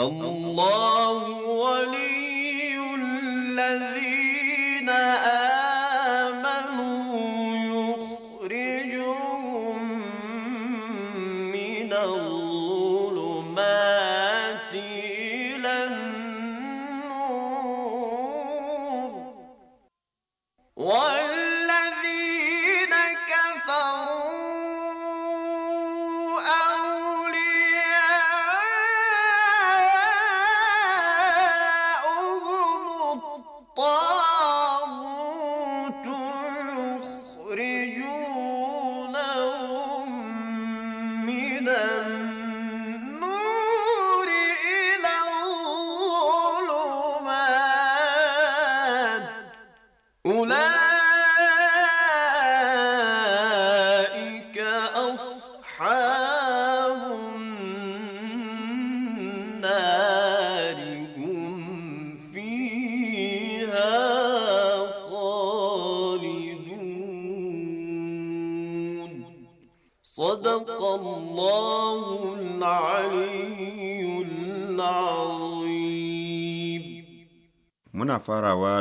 الله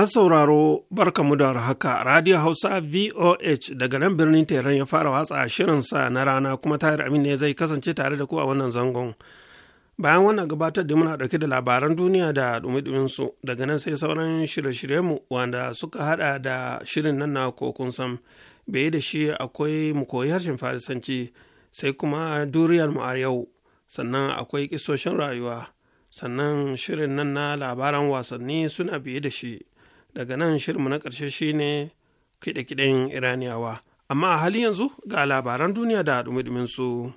Masu sauraro barka mu da haka Radio Hausa VOH daga nan birnin Tehran ya fara watsa shirinsa na rana kuma tayar amin ne zai kasance tare da ku a wannan zangon. Bayan wannan gabatar da muna dauke da labaran duniya da dumi su daga nan sai sauran shirye-shiryenmu wanda suka hada da shirin nan na kokun sam bai da shi akwai mu koyi harshen farisanci sai kuma duriyar mu a yau sannan akwai kisoshin rayuwa sannan shirin nan na labaran wasanni suna biye da shi daga nan shirinmu na ƙarshe shine kiɗe-kiɗen iraniyawa amma a hali yanzu ga labaran duniya da dumi su.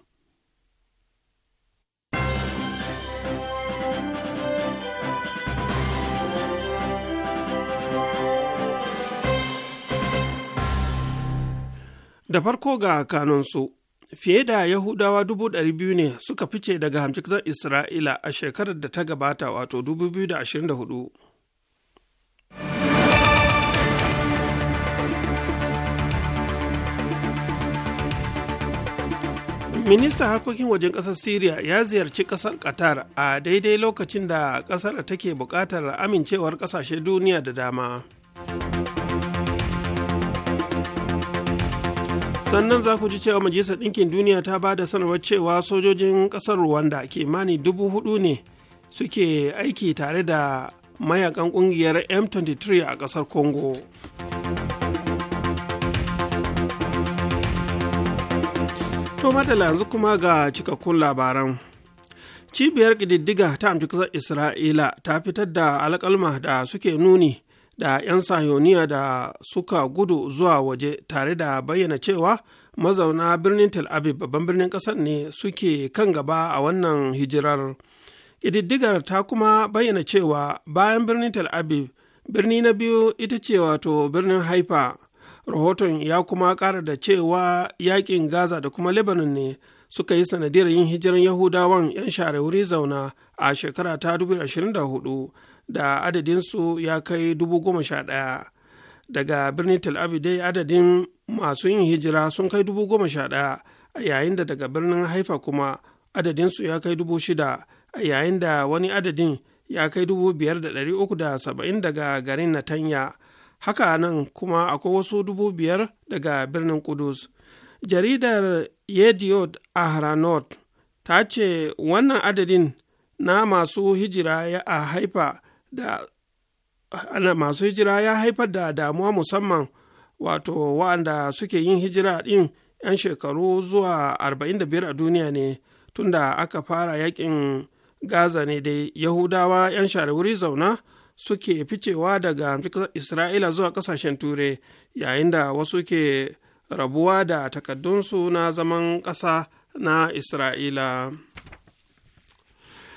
da farko ga kanunsu fiye da yahudawa dubu ɗari biyu ne suka fice daga hamcikzar isra'ila a shekarar da ta gabata wato 2024 ministan harkokin wajen kasar syria ya ziyarci ƙasar qatar a daidai lokacin da ƙasar take buƙatar amincewar ƙasashe duniya da dama sannan za ku ji cewa majalisar ɗinkin duniya ta ba da sanarwar cewa sojojin ƙasar rwanda kimani dubu hudu ne suke aiki tare da mayakan ƙungiyar m23 a ƙasar congo To madala yanzu kuma ga cikakkun labaran. Cibiyar ƙididdiga ta amci ƙasar Isra'ila ta fitar da alƙalma da suke nuni da 'yan sayoniya da suka gudu zuwa waje tare da bayyana cewa mazauna birnin Tel Aviv babban birnin ƙasar ne suke kan gaba a wannan hijirar. Ƙididdigar ta kuma bayyana cewa bayan birnin Tel Aviv birni na biyu ita ce wato birnin Haifa rahoton ya kuma kara da cewa yakin gaza da kuma lebanon ne suka yi sanadiyar yin hijiran yahudawan 'yan share wuri zauna a shekara ta 2024 da adadinsu ya kai 11,000 daga birnin tel dai adadin masu yin hijira sun kai 11,000 a yayin da daga birnin haifa kuma adadinsu ya kai 6,000 a yayin da wani adadin ya kai 5,370 daga garin natanya haka nan kuma akwai wasu dubu biyar daga birnin kudus jaridar yediot ahranot ta ce wannan adadin na masu hijira ya haifa da masu hijira ya haifar da damuwa musamman wato wa'anda suke yin hijira ɗin 'yan shekaru zuwa 45 a duniya ne tunda aka fara yakin gaza ne da yahudawa 'yan shari'uri zauna suke ficewa daga isra'ila zuwa kasashen turai yayin da wasu ke rabuwa da takaddunsu na zaman ƙasa na isra'ila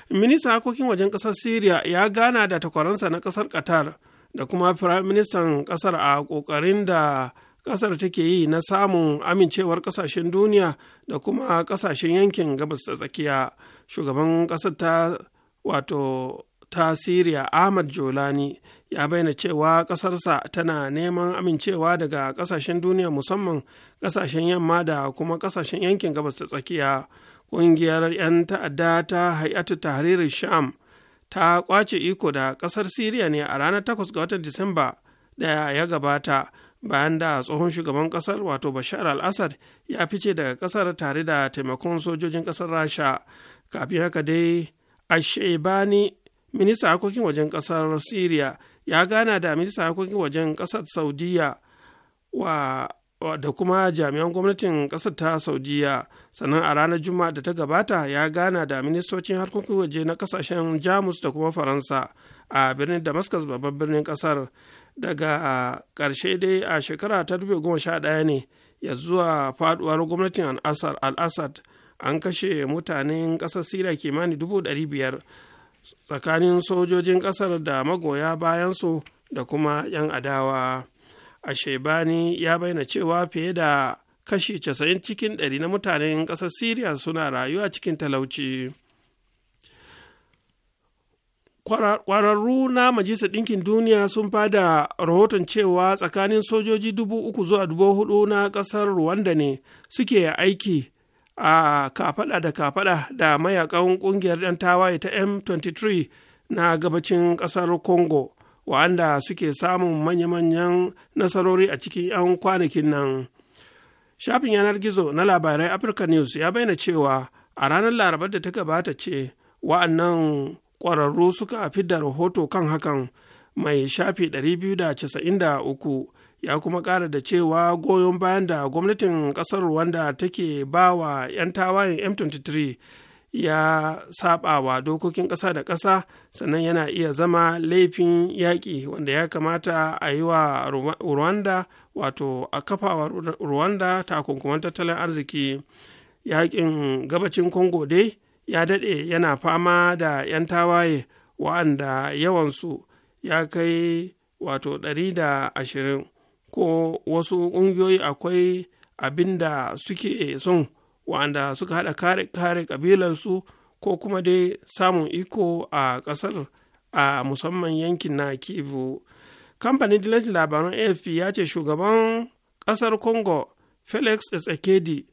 ministan harkokin wajen ƙasar syria ya gana da takwaransa na ƙasar qatar da kuma firaministan ƙasar a ƙoƙarin da ƙasar take yi na samun amincewar ƙasashen duniya da kuma ƙasashen yankin gabas ta tsakiya shugaban ƙasar ta wato ta Siriya Ahmad Jolani ya bayyana cewa ƙasarsa tana neman amincewa daga ƙasashen duniya musamman ƙasashen yamma da kuma ƙasashen yankin gabas ta tsakiya. Ƙungiyar 'yan ta'adda ta Hayatu Tahrir Sham ta ƙwace iko da ƙasar Siriya ne a ranar 8 ga watan Disamba da ya gabata bayan da tsohon shugaban ƙasar wato Bashar al-Assad ya fice daga ƙasar tare da taimakon sojojin ƙasar Rasha. Kafin haka dai bani. ministan harkokin wajen kasar syria ya gana da ministan harkokin wajen ƙasar saudiya wa da kuma jami'an gwamnatin ƙasar ta saudiya sannan a ranar juma'a da ta gabata ya gana da ministocin harkokin waje na kasashen jamus da kuma faransa a birnin damascus babban birnin ƙasar daga karshe dai a shekara ta 2011 ne ya zuwa faduwar gwamnatin al-assad an kashe mutanen ƙasar syria kimanin 500 tsakanin sojojin ƙasar da magoya bayansu da kuma 'yan adawa a shebani ya bayyana cewa fiye da kashi 90 cikin 100 na mutanen ƙasar siriya suna rayuwa cikin talauci kwararru na majalisar ɗinkin duniya sun fada rahoton cewa tsakanin sojoji dubu uku zuwa dubu hudu na ƙasar rwanda ne suke aiki a kafada da kafaɗa da mayakan ƙungiyar 'yan tawaye ta m23 na gabacin ƙasar congo wa'anda suke samun manya-manyan nasarori a cikin 'yan kwanakin nan shafin yanar gizo na labarai africa news ya bayyana cewa a ranar larabar da ta gabata ce wa'annan ƙwararru suka fi da rahoto kan hakan mai shafi 293 ya kuma ƙara da cewa goyon bayan da gwamnatin ƙasar rwanda take ba wa 'yan tawayen m23 ya saba wa dokokin ƙasa da ƙasa sannan yana iya zama laifin yaƙi wanda ya kamata a yi wa rwanda wato a kafawa rwanda takunkuman tattalin arziki yaƙin gabacin congo dai ya daɗe yana fama da 'yan tawaye wa'anda yawansu ya kai wato 120 ko wasu ƙungiyoyi akwai abin da suke son wa'anda suka haɗa kare kare ƙabilarsu ko kuma dai samun iko a ƙasar a musamman yankin na kivu kamfanin dilancin labaran afp ya ce shugaban ƙasar congo felix tsakedi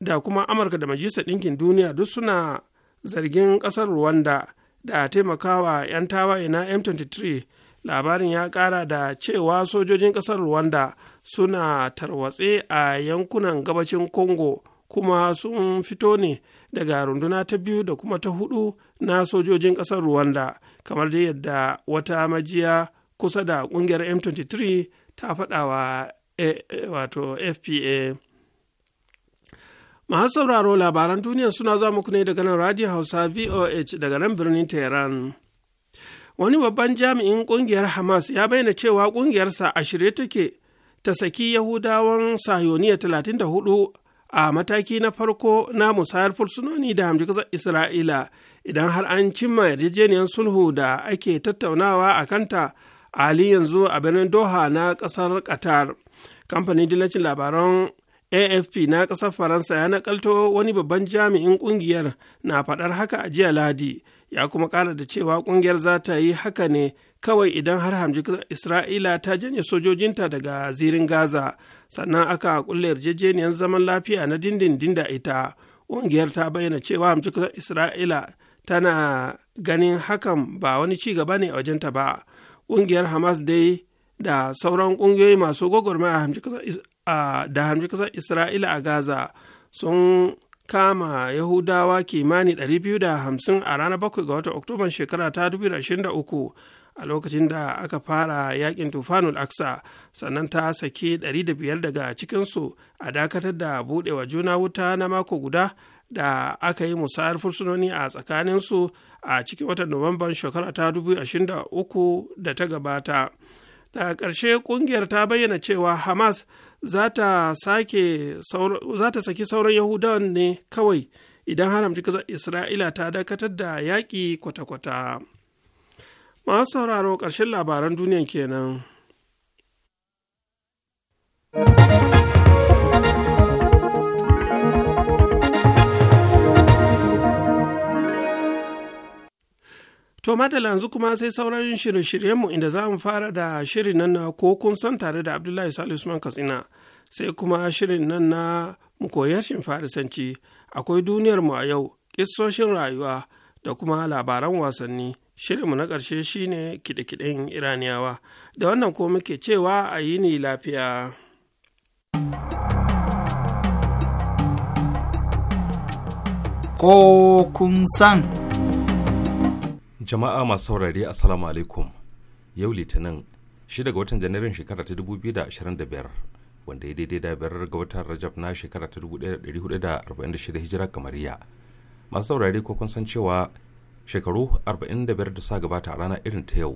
da kuma amurka da majalisar ɗinkin duniya duk suna zargin ƙasar rwanda da taimakawa 'yan tawaye na m23 labarin ya ƙara da cewa sojojin ƙasar rwanda suna tarwatse a yankunan gabacin congo kuma sun fito ne daga runduna ta biyu da kuma ta hudu na sojojin ƙasar rwanda kamar da yadda wata majiya kusa da ƙungiyar m23 ta faɗawa, wa eh, eh, wato fpa masu sauraro labaran duniya suna za muku ne daga nan radio hausa voh daga nan birnin tehran wani babban jami'in ƙungiyar hamas ya bayyana cewa ƙungiyarsa a shirye take ta saki yahudawan sayoniya 34 a mataki na farko na musayar fursunoni da hamjikasar isra'ila idan har an cimma yarjejeniyar sulhu da ake tattaunawa a kanta a yanzu a birnin doha na ƙasar qatar kamfanin dillacin labaran afp na ƙasar faransa ya nakalto wani babban jami'in ƙungiyar na faɗar haka a jiya ladi ya kuma kara da cewa kungiyar za ta yi haka ne kawai idan har hamji isra'ila ta janye sojojinta daga zirin gaza sannan aka kulle yarjejeniyar zaman lafiya na dindindin da ita kungiyar ta bayyana cewa hamji isra'ila tana ganin hakan ba wani ci gaba ne a wajenta ba kungiyar hamas dai da sauran ƙungiyoyi masu gwagwarmaya da hamji kasar isra'ila a gaza sun kama Yahudawa kimani 250 a ranar 7 ga watan Oktoban shekara ta 2023 a lokacin da aka fara yakin tufanul aksa sannan ta sake 500 daga cikinsu a dakatar da budewa juna wuta na mako guda da aka yi musayar fursunoni a tsakaninsu a cikin watan Nuwamban shekara ta 2023 da ta gabata. da ƙarshe ƙungiyar ta bayyana cewa Hamas za ta saki sauran yahudawan ne kawai idan haramci ƙasar isra'ila ta dakatar da yaƙi kwata-kwata masu sauraro ƙarshen labaran duniya kenan. To madalla yanzu kuma sai sauran shirye-shiryenmu inda za mu fara da shirin nan na ko kun san tare da Abdullahi Salisu Usman Katsina sai kuma shirin nan na mu koyar shin farisanci akwai duniyar mu a yau kissoshin rayuwa da kuma labaran wasanni shirin mu na ƙarshe shine kiɗe-kiɗen Iraniyawa da wannan ko muke cewa a yi ni lafiya. Ko kun san. jama'a masu saurare assalamu alaikum yau litinin 6 ga watan janairun shekara ta 2025 wanda ya daidai da biyar ga watan rajab na shekara ta 1446 hijira kamariya masu saurare ko kun san cewa shekaru 45 da sa gabata a rana irin ta yau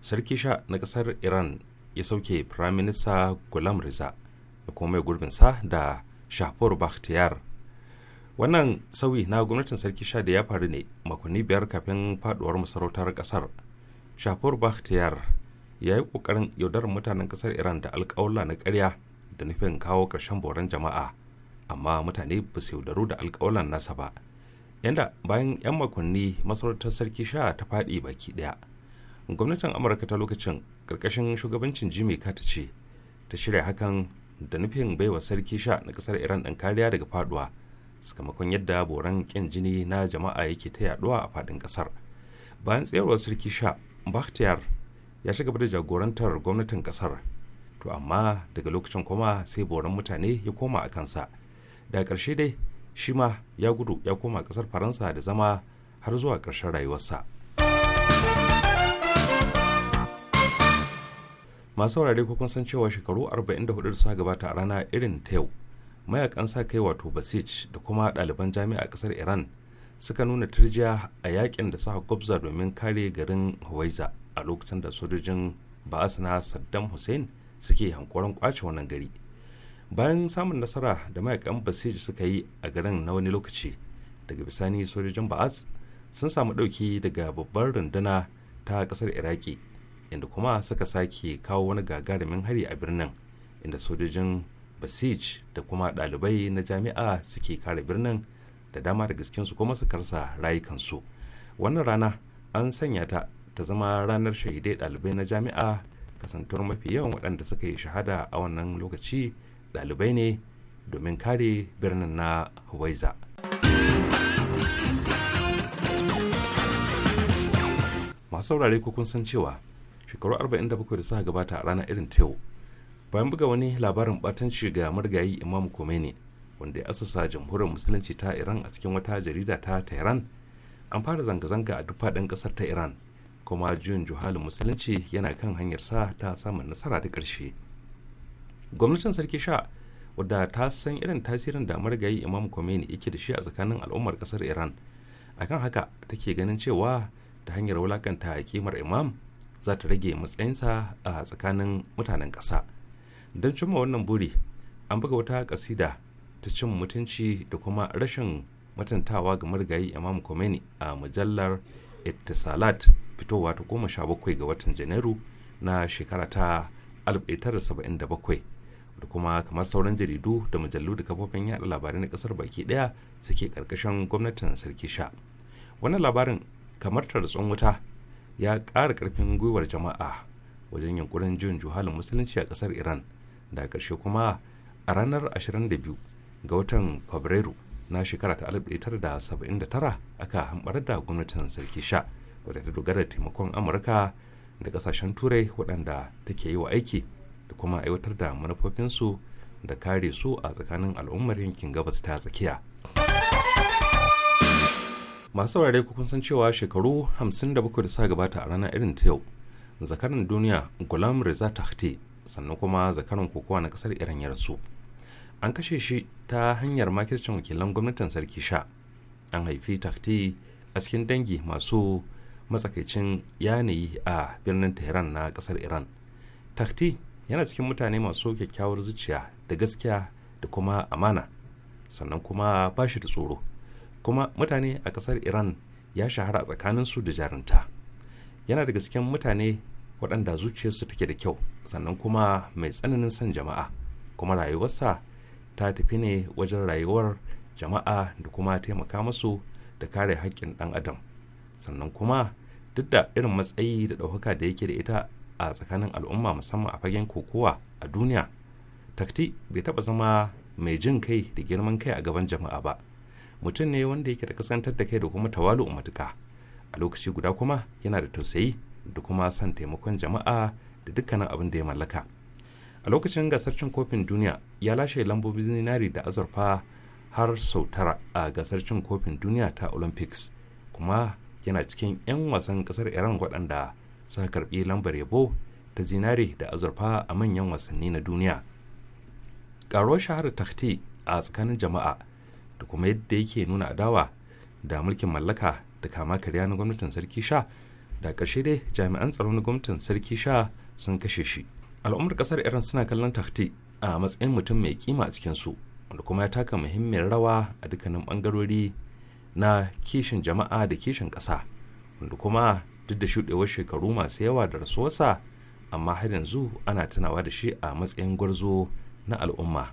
sarki sha na kasar iran ya sauke firaminista gulam riza da kuma mai gurbinsa da shahpur bakhtiyar wannan sauyi na gwamnatin sarki sha da ya faru ne makonni biyar kafin faduwar masarautar kasar shafur bakhtiyar ya yi kokarin yaudarar mutanen kasar iran da alkawalla na karya da nufin kawo karshen boran jama'a amma mutane ba su yaudaru da alkawalan nasa ba yanda bayan 'yan makonni masarautar sarki sha ta faɗi baki ɗaya gwamnatin amurka ta lokacin ƙarƙashin shugabancin jimmy carter ce ta shirya hakan da nufin baiwa sarki sha na ƙasar iran ɗin kariya daga faduwa sakamakon yadda boran ƙin jini na jama'a yake ta yaduwa a fadin kasar bayan tsayarwar sarki sha bakhtiyar ya ci gaba da jagorantar gwamnatin kasar to amma daga lokacin kuma sai boran mutane ya koma a kansa daga ƙarshe dai shi ma ya gudu ya koma ƙasar faransa da zama har zuwa ƙarshen rayuwarsa masu saurare kun san cewa shekaru 44 da suka gabata a rana irin ta yau mayakan sa kai wato basij da kuma ɗaliban jami'a a ƙasar iran suka nuna turjiya a yakin da suka gwabza domin kare garin hawaiza a lokacin da sojojin ba'as na saddam hussein suke hankoron kwace wannan gari bayan samun nasara da mayakan basij suka yi a garin na wani lokaci daga bisani sojojin ba'as sun samu ɗauki daga babbar runduna ta ƙasar iraki inda kuma suka sake kawo wani gagarumin hari a birnin inda sojojin basij da kuma ɗalibai na jami'a suke kare birnin da dama da gaskensu kuma su karsa rayukansu wannan rana an sanya ta ta zama ranar shahidai ɗalibai na jami'a kasantuwar mafi yawan waɗanda suka yi shahada a wannan lokaci ɗalibai ne domin kare birnin na Hawaiza. masu saurare ko kun san cewa shekaru 47 da suka gabata a ranar irin ta yau bayan buga wani labarin batanci ga marigayi imam khomeini wanda ya asasa jamhuriyar musulunci ta iran a cikin wata jarida ta tehran an fara zanga-zanga a duk faɗin ƙasar ta iran kuma juyin juhalin musulunci yana kan hanyar sa ta samun nasara da ƙarshe gwamnatin sarki sha wadda ta san irin tasirin da marigayi imam khomeini yake da shi a tsakanin al'ummar ƙasar iran akan haka take ganin cewa ta hanyar wulakanta kimar imam za ta rage matsayinsa a tsakanin mutanen ƙasa don cimma wannan buri an buga wata kasida ta cin mutunci da kuma rashin matantawa ga marigayi imam Khomeini a mujallar ittisalat fitowa ta goma sha bakwai ga watan janairu na shekara ta 1977 da kuma kamar sauran jaridu da mujallu da kafofin yada labarai na kasar baki daya suke karkashin gwamnatin sarki sha wannan labarin kamar tarzon wuta ya ƙara karfin gwiwar jama'a wajen yankurin jin juhalin musulunci a ƙasar iran da ƙarshe kuma a ranar 22 ga watan fabrairu na shekara ta 1979 aka hambar da gwamnatin sarki sha wadda ta dogara da taimakon amurka da kasashen turai waɗanda take yi wa aiki da kuma aiwatar da manufofinsu da kare su a tsakanin al'ummar yankin gabas ta tsakiya masu saurare kun san cewa shekaru 57 da sa gabata a ranar irin ta yau zakaran duniya gulam reza tahti sannan kuma zakaran kokowa na kasar iran ya rasu an kashe shi ta hanyar makircin wakilan gwamnatin sarki sha an haifi takti a cikin dangi masu matsakaicin yanayi a birnin tehran na kasar iran takti yana cikin mutane masu kyakkyawar zuciya da gaskiya da kuma amana sannan kuma ba shi da tsoro kuma mutane a kasar iran ya shahara tsakanin su da jarinta yana daga cikin mutane waɗanda zuciyarsu take da kyau sannan kuma mai tsananin son jama'a kuma rayuwarsa ta tafi ne wajen rayuwar jama'a da kuma taimaka musu da kare haƙƙin ɗan adam sannan kuma duk da irin matsayi da ɗaukaka da yake da ita a tsakanin al'umma musamman a fagen kokowa a duniya takti bai taɓa zama mai jin kai da girman kai a gaban jama'a ba mutum ne wanda yake da kasantar da kai da kuma tawalu matuka a lokaci guda kuma yana da tausayi da kuma son taimakon jama'a da dukkanin abin da ya mallaka a lokacin gasar cin kofin duniya ya lashe lambobi zinari da azurfa har sau tara a gasar cin kofin duniya ta olympics kuma yana cikin 'yan wasan kasar iran waɗanda suka karbi lambar yabo ta zinari da azurfa a manyan wasanni na duniya ƙaruwar shahara takti a tsakanin jama'a da kuma yadda yake nuna adawa da mulkin mallaka da kama karya na gwamnatin sarki sha da ƙarshe dai jami'an tsaro na gwamnatin sarki sha sun kashe shi al'ummar ƙasar iran suna kallon tahti a matsayin mutum mai kima a cikin su wanda kuma ya taka muhimmiyar rawa a dukkanin bangarori na kishin jama'a da kishin ƙasa wanda kuma duk da shuɗewar shekaru masu yawa da rasuwarsa amma har yanzu ana tunawa da shi a matsayin gwarzo na al'umma.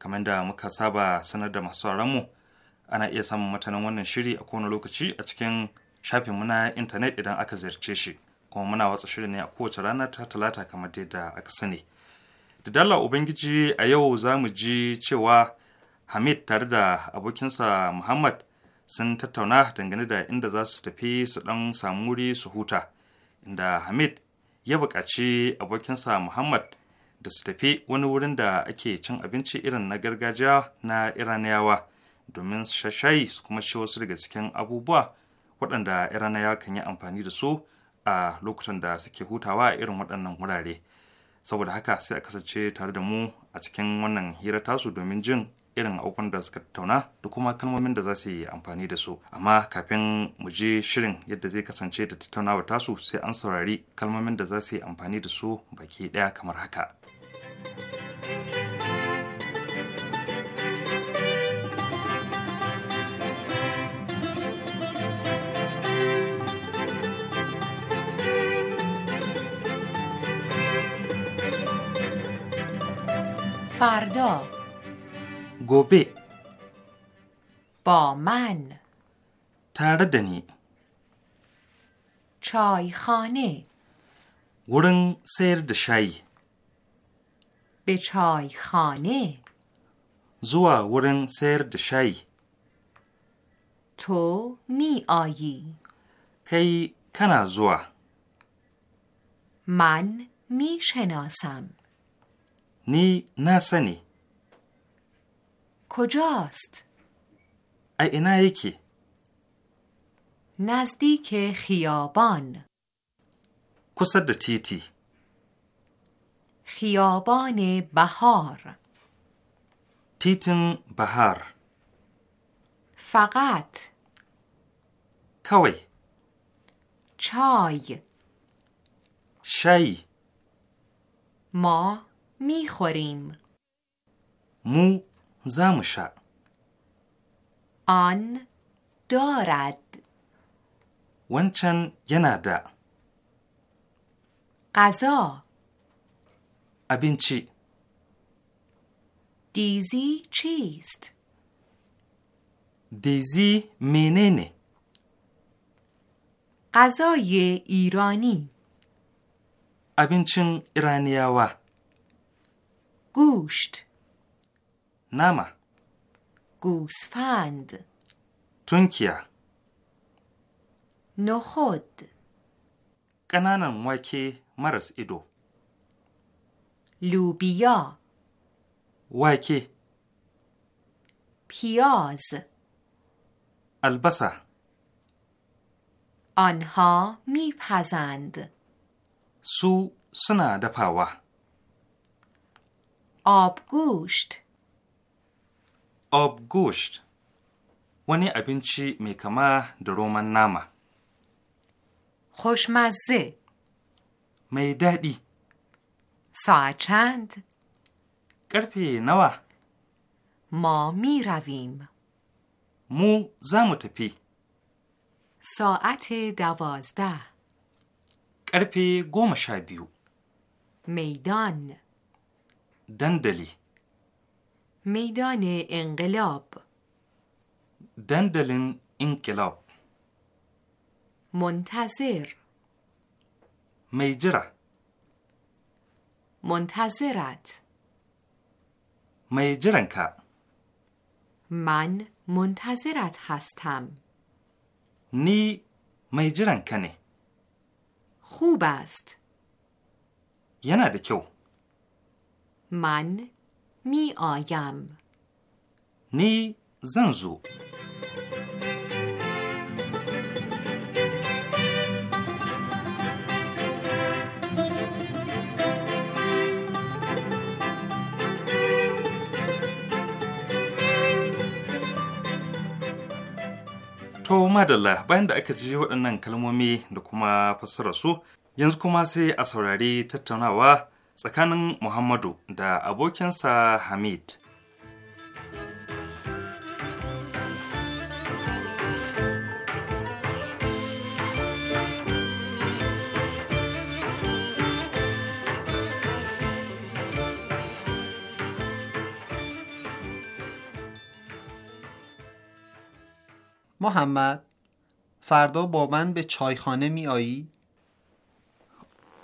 kamar da muka saba sanar da masu mu ana iya samun matanin wannan shiri a kowane lokaci a cikin shafin muna intanet idan aka ziyarce shi kuma muna watsa shiri ne a kowace rana ta talata kamar da aka sani da dala ubangiji a yau za mu ji cewa hamid tare da abokinsa muhammad sun tattauna dangane da inda za su tafi su dan samu wuri su huta inda hamid ya buƙaci abokinsa muhammad da su tafi wani wurin da ake cin abinci irin na gargajiya na iraniyawa domin su shashayi su kuma ci wasu daga cikin abubuwa waɗanda iraniyawa kan yi amfani da su a lokutan da suke hutawa a irin waɗannan wurare saboda haka sai a kasance tare da mu a cikin wannan hira tasu domin jin irin abubuwan da suka tattauna da kuma kalmomin da za su yi amfani da su amma kafin mu je shirin yadda zai kasance da tattaunawa tasu sai an saurari kalmomin da za su yi amfani da su baki ɗaya kamar haka فردا گوبه با من تردنی چایخانه ورن سیر شایی. به چای خانه زوا ورن سیر دشای تو می آیی کی کنا زوا من می شناسم نی نسنی کجاست؟ اینا یکی نزدیک خیابان کسد تیتی خیابان بهار تیتن بهار فقط کوی چای شی ما میخوریم مو زمشا آن دارد ونچن ینادا غذا abinci. dizi cist. dizi menene? غذای Irani. abincin iraniyawa gusht nama Gusfand. tunkiya nohod ƙananan wake maras ido لوبیا وکی پیاز البسه آنها میپزند سو سنا دپاوا آبگوشت آبگوشت ونی ابینچی می درومن در نامه خوشمزه میدادی. ساعت چند؟ گرپی نوه ما می رویم مو زموت پی ساعت دوازده گرپی گوم بیو میدان دندلی میدان انقلاب دندلین انقلاب منتظر میجره منتظرت می من منتظرت هستم نی می خوب است یه ده کیو من می آیم نی زنزو To madalla bayan da aka ji waɗannan kalmomi da kuma fassara su yanzu kuma sai a saurari tattaunawa tsakanin Muhammadu da abokinsa Hamid. محمد فردا با من به چایخانه می آیی؟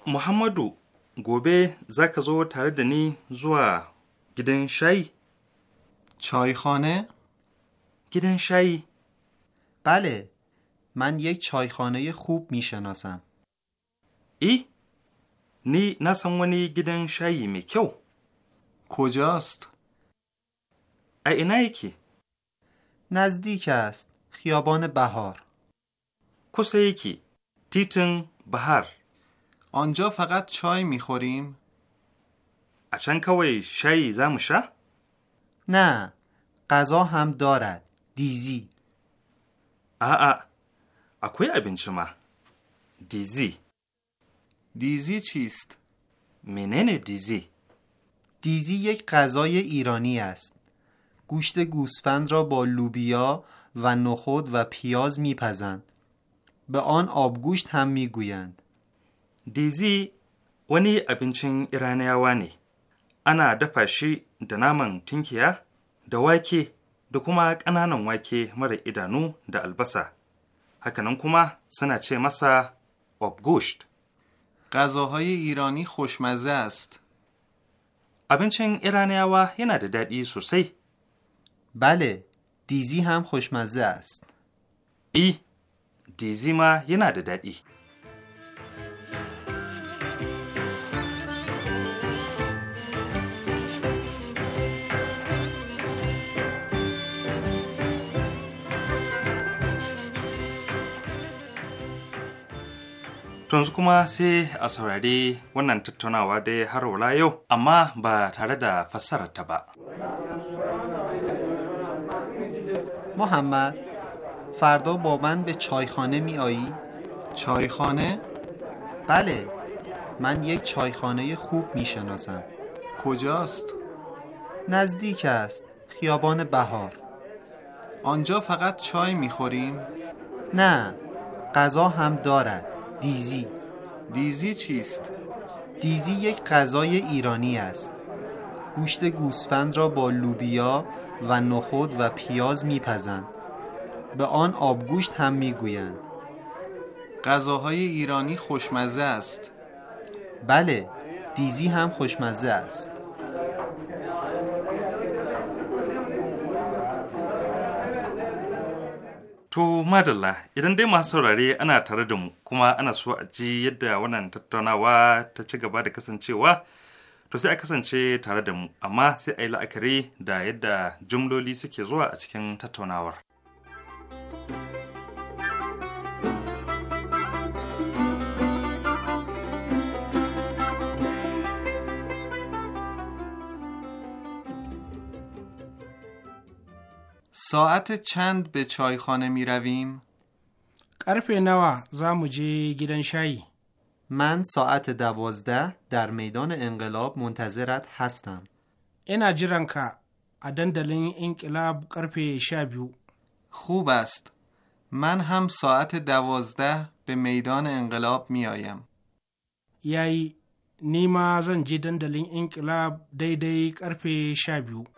محمدو گوبه زک زو تردنی زوا گدن شای چایخانه؟ گدن شای بله من یک چایخانه خوب می شناسم ای؟ نی نسمونی گدن شایی می کیو؟ کجاست؟ اینه کی نزدیک است خیابان بهار کوسیکی تیتن بهار آنجا فقط چای میخوریم؟ اچن کوی شای زمشه؟ نه غذا هم دارد دیزی آ اکوی ابن شما دیزی دیزی چیست؟ منن دیزی دیزی یک غذای ایرانی است گوشت گوسفند را با لوبیا و نخود و پیاز میپزند به آن آبگوشت هم میگویند دیزی ونی ابینچین ایرانیا وانی انا دپاشی دنامن تینکیا دوایکی مر ایدانو دا البسا kuma چه چه غذاهای ایرانی خوشمزه است ابینچن iraniyawa yana da daɗi بله دیزی هم خوشمزه است ای دیزی ما یه نده دادی yanzu kuma sai a saurari wannan tattaunawa dai har wala yau amma ba tare da ta ba. محمد فردا با من به چایخانه می آیی؟ چایخانه؟ بله من یک چایخانه خوب می شناسم کجاست؟ نزدیک است خیابان بهار آنجا فقط چای می خوریم؟ نه غذا هم دارد دیزی دیزی چیست؟ دیزی یک غذای ایرانی است گوشت گوسفند را با لوبیا و نخود و پیاز میپزند به آن آبگوشت هم میگویند غذاهای ایرانی خوشمزه است بله دیزی هم خوشمزه است تو مدله، idan dai masu saurare ana tare da mu kuma ana so a ji yadda wannan tattaunawa to sai a kasance tare da mu amma sai a yi la'akari da yadda jumloli suke zuwa a cikin tattaunawar ساعت چند به چایخانه می رویم؟ قرف نوا زموجه گیدن شایی من ساعت دوازده در میدان انقلاب منتظرت هستم. این که ادن دلین انقلاب قرفه 12 خوب است. من هم ساعت دوازده به میدان انقلاب می آیم. یعنی نیما زن جی انقلاب دیدی قرفه 12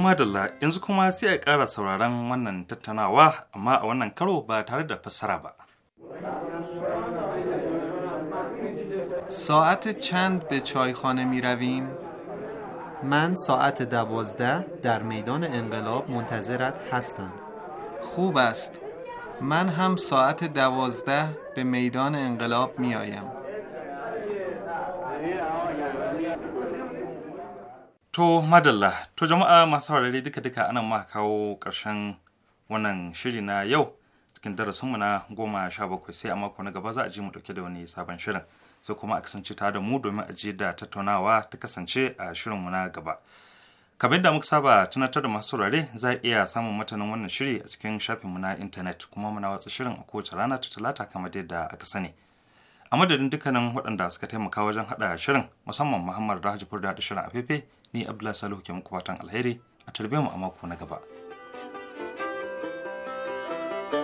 madalla yanzu kuma sai a ƙara sauraron wannan tattaunawa amma a wannan karo ba tare da fassara ba. ساعت چند به چایخانه می رویم؟ من ساعت دوازده در میدان انقلاب منتظرت هستم خوب است من هم ساعت دوازده به میدان انقلاب می آیم To madalla, to jama'a masu saurare duka-duka ana ma kawo ƙarshen wannan shiri na yau cikin darasinmu na goma sha bakwai sai a mako na gaba za a ji mu dauke da wani sabon shirin sai kuma a kasance ta da mu domin a ji da tattaunawa ta kasance a shirinmu na gaba. Kamar da muka saba tunatar da masu saurare za a iya samun matanin wannan shiri a cikin shafinmu na intanet kuma muna watsa shirin a kowace rana ta talata kamar yadda aka sani. A madadin dukkanin waɗanda suka taimaka wajen haɗa shirin musamman Muhammad Rahajifur da haɗa shirin a ni abdullahi salihu ke muku fatan alheri a tarbiyar mu a mako na gaba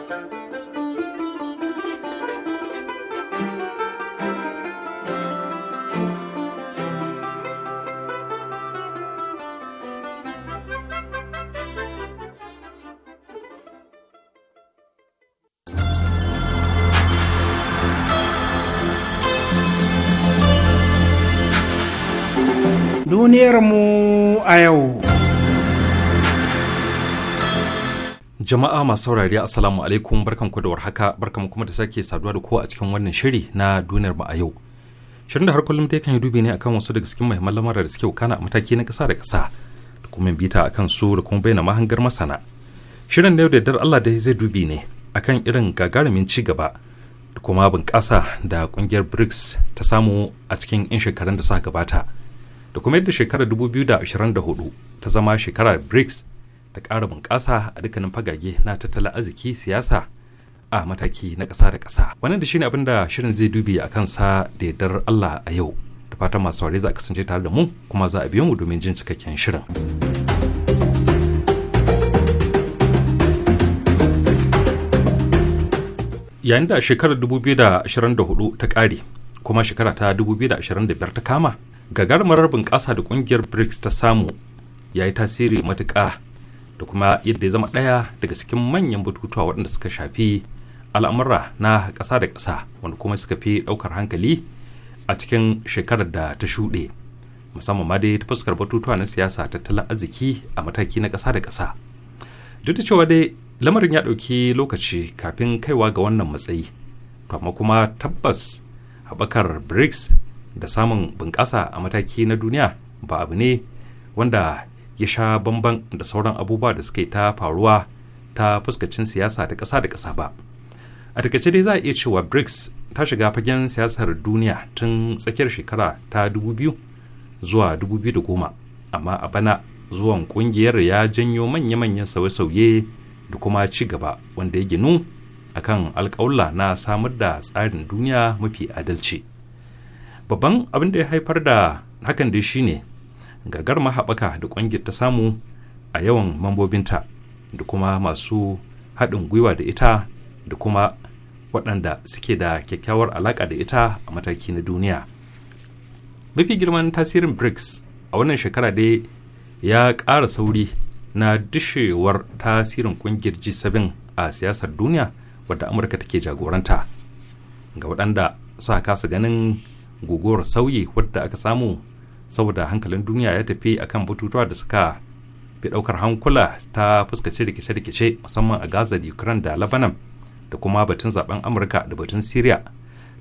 thank you duniyarmu a yau. Jama'a masu saurari Assalamu alaikum barkanku da warhaka barkanku kuma da sake saduwa da kowa a cikin wannan shiri na duniyar mu a yau. Shirin da har kullum dai kan yi dubi ne akan wasu daga cikin muhimman lamarar da suke kana a mataki na kasa da kasa da kuma bita akan su da kuma bayyana mahangar masana. Shirin da yau da dar Allah dai zai dubi ne akan irin gagarumin ci gaba da kuma bunƙasa da ƙungiyar BRICS ta samu a cikin 'yan shekarun da suka gabata. da kuma yadda shekarar 2024 ta zama shekarar brics da ƙara bunƙasa a dukkanin fagage na tattalin arziki siyasa a mataki na ƙasa da ƙasa wannan da shine abin da shirin zai dubi a sa da yardar allah a yau da fatan masu saurari za a kasance tare da mu kuma za a biyo mu domin jin cikakken shirin yayin da shekarar 2024 ta ƙare kuma shekara ta 2025 ta kama gagarumar bunƙasa da ƙungiyar brics ta samu ya yi tasiri matuƙa da kuma yadda ya zama ɗaya daga cikin manyan batutuwa waɗanda suka shafi al'amura na ƙasa da ƙasa wanda kuma suka fi ɗaukar hankali a cikin shekarar da ta shuɗe musamman ma dai ta fuskar batutuwa na siyasa tattalin arziki a mataki na ƙasa da ƙasa duk da cewa dai lamarin ya ɗauki lokaci kafin kaiwa ga wannan matsayi to amma kuma tabbas haɓakar brics da samun bunƙasa a mataki na duniya ba abu ne wanda ya sha bamban da sauran abubuwa da suke ta faruwa ta fuskacin siyasa da ƙasa da ƙasa ba a takaice dai za a iya cewa brics ta shiga fagen siyasar duniya tun tsakiyar shekara ta 2000 zuwa 2010 amma a bana zuwan ƙungiyar ya janyo manya-manyan sauye-sauye da kuma ci gaba wanda ya ginu akan alƙawla na samar da tsarin duniya mafi adalci. babban abin da ya haifar da hakan dai shine gagar mahaɓaka da ƙungiyar ta samu a yawan mambobinta da kuma masu haɗin gwiwa da ita da kuma waɗanda suke da kyakkyawar alaƙa da ita a mataki na duniya mafi girman tasirin brics a wannan shekara dai ya ƙara sauri na dishewar tasirin ƙungiyar g7 a siyasar duniya wadda amurka take jagoranta ga waɗanda suka kasa ganin guguwar sauyi wadda aka samu saboda hankalin duniya ya tafi akan batutuwa da suka fi daukar hankula ta fuskaci rikice-rikice musamman a gaza da ukraine da lebanon da kuma batun zaben amurka da batun syria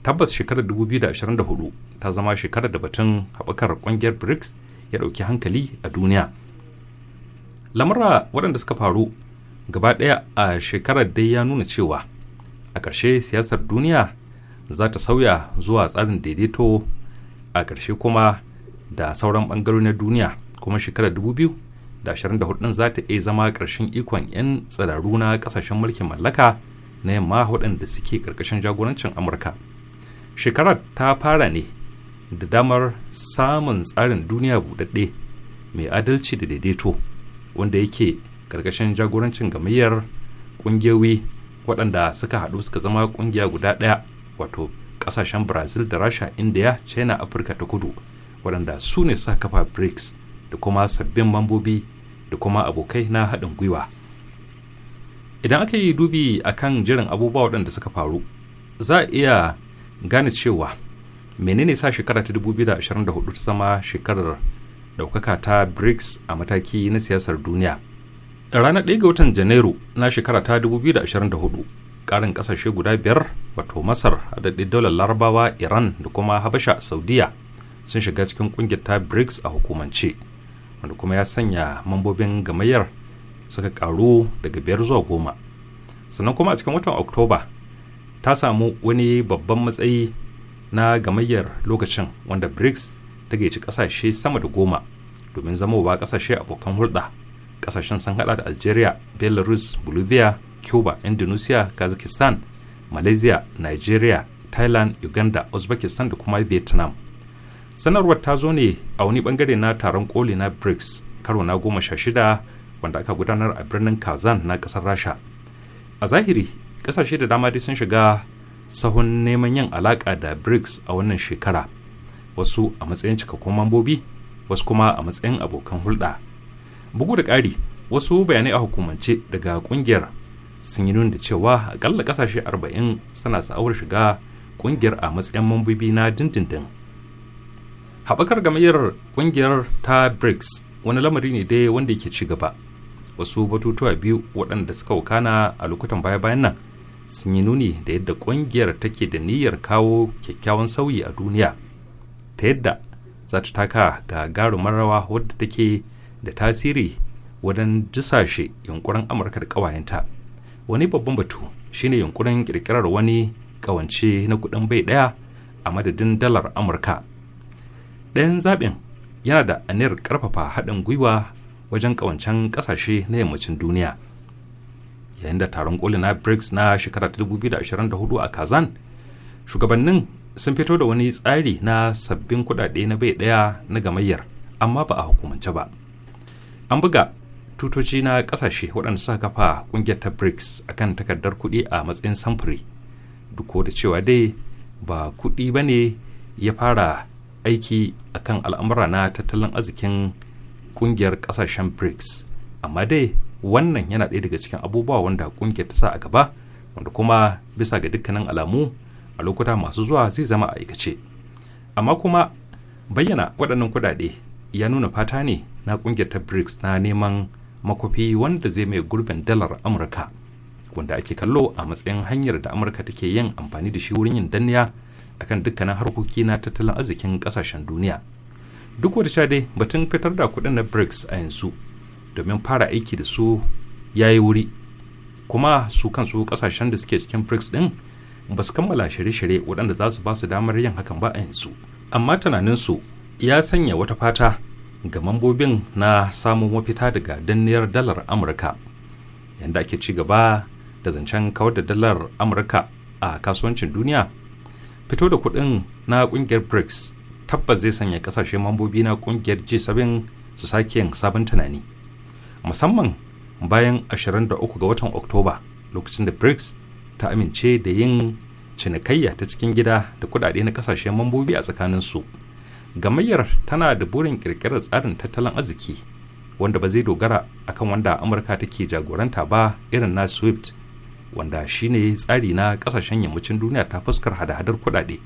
tabbas shekarar 2024 ta zama shekarar da batun haɓakar ƙungiyar brics ya ɗauki hankali a duniya lamura waɗanda suka faru gaba ɗaya a shekarar dai ya nuna cewa a ƙarshe siyasar duniya za ta sauya zuwa tsarin daidaito a ƙarshe kuma da sauran ɓangarori na duniya kuma shekarar 2024 ɗin za ta iya zama ƙarshen ikon 'yan tsararru na ƙasashen mulkin mallaka na yamma waɗanda suke ƙarƙashin jagorancin amurka shekarar ta fara ne da damar samun tsarin duniya buɗaɗɗe mai adalci da daidaito wanda yake ƙarƙashin jagorancin gamayyar ƙungiyoyi waɗanda suka haɗu suka zama ƙungiya guda ɗaya wato kasashen brazil da rasha india china afirka ta kudu waɗanda su ne suka kafa brics da kuma sabbin mambobi da kuma abokai na haɗin gwiwa idan aka yi dubi a kan jiran abubuwa waɗanda suka faru za a iya gane cewa menene sa shekara ta 2024 ta zama shekarar ɗaukaka ta brics a mataki na siyasar duniya ranar 1 ga watan janairu na shekara ta 2024 karin kasashe guda biyar wato masar daɗin daular larabawa iran da kuma habasha saudiya sun shiga cikin kungiyar ta brics a hukumance wanda kuma ya sanya mambobin gamayyar suka karu daga biyar zuwa goma sannan kuma a cikin watan oktoba ta samu wani babban matsayi na gamayyar lokacin wanda brics ta gaici kasashe sama da goma domin zama wa kasashe abokan hulɗa kasashen sun hada da algeria belarus bolivia cuba indonesia kazakhstan malaysia nigeria thailand uganda uzbekistan da kuma vietnam sanarwar ta zo ne a wani bangare na taron koli na brics karo na goma sha shida wanda aka gudanar a birnin kazan na kasar rasha a zahiri kasashe da dama dai sun shiga sahun neman yin alaka da brics a wannan shekara wasu a matsayin cikakkun mambobi wasu kuma a matsayin abokan hulɗa bugu da ƙari wasu bayanai a hukumance daga ƙungiyar sun yi nuna cewa akalla kasashe arba'in suna sa'awar shiga kungiyar a matsayin mambobi na dindindin haɓakar gamayyar kungiyar ta brics wani lamari ne dai wanda yake ci gaba wasu batutuwa biyu waɗanda suka wakana a lokutan baya-bayan nan sun yi nuni da yadda kungiyar take da niyyar kawo kyakkyawan sauyi a duniya ta yadda za ta taka gagarumar rawa wadda take da tasiri wajen jisashe yunkurin amurka da ƙawayenta wani babban batu shine yunkurin kirkirar wani kawance na kudin bai daya a madadin dalar amurka ɗayan zaɓin yana da aniyar ƙarfafa haɗin gwiwa wajen ƙawancen ƙasashe na yammacin duniya yayin da taron koli na brics na shekara 2024 a kazan shugabannin sun fito da wani tsari na sabbin kudade na bai daya na gamayyar amma ba a hukumance ba an buga tutoci na kasashe waɗanda suka kafa ƙungiyar ta brics akan takardar kuɗi a matsayin samfuri duk da cewa dai ba kuɗi ba ne ya fara aiki akan al'amura na tattalin arzikin ƙungiyar ƙasashen brics amma dai wannan yana ɗaya daga cikin abubuwa wanda ƙungiyar ta sa a gaba wanda kuma bisa ga dukkanin alamu a lokuta masu zuwa zai zama a aikace amma kuma bayyana waɗannan kuɗaɗe ya nuna fata ne na ƙungiyar ta brics na neman makwafi wanda zai mai gurbin dalar amurka wanda ake kallo a matsayin hanyar da amurka take yin amfani da shi wurin yin danniya akan dukkanin harkoki na tattalin arzikin kasashen duniya duk wata sha dai batun fitar da kuɗin na brics a yanzu domin fara aiki da su ya yi wuri kuma su kansu kasashen da suke cikin brics din ba su kammala shirye-shirye waɗanda za su ba su damar yin hakan ba a yanzu amma tunaninsu ya sanya wata fata ga mambobin na samun mafita daga danniyar dalar amurka yadda ake ci gaba da zancen kawar da dalar amurka a kasuwancin duniya fito da kuɗin na ƙungiyar brics tabbas zai sanya ƙasashe mambobi na ƙungiyar g7 su sake sabon tunani musamman bayan 23 ga watan oktoba lokacin da brics ta amince da yin cinikayya ta cikin gida da kudade na kasashen mambobi a tsakaninsu. su gamayyar tana da burin kirkirar tsarin tattalin arziki wanda ba zai dogara akan wanda amurka take jagoranta ba irin na swift wanda shine tsari na kasashen yammacin duniya ta fuskar hada-hadar kudade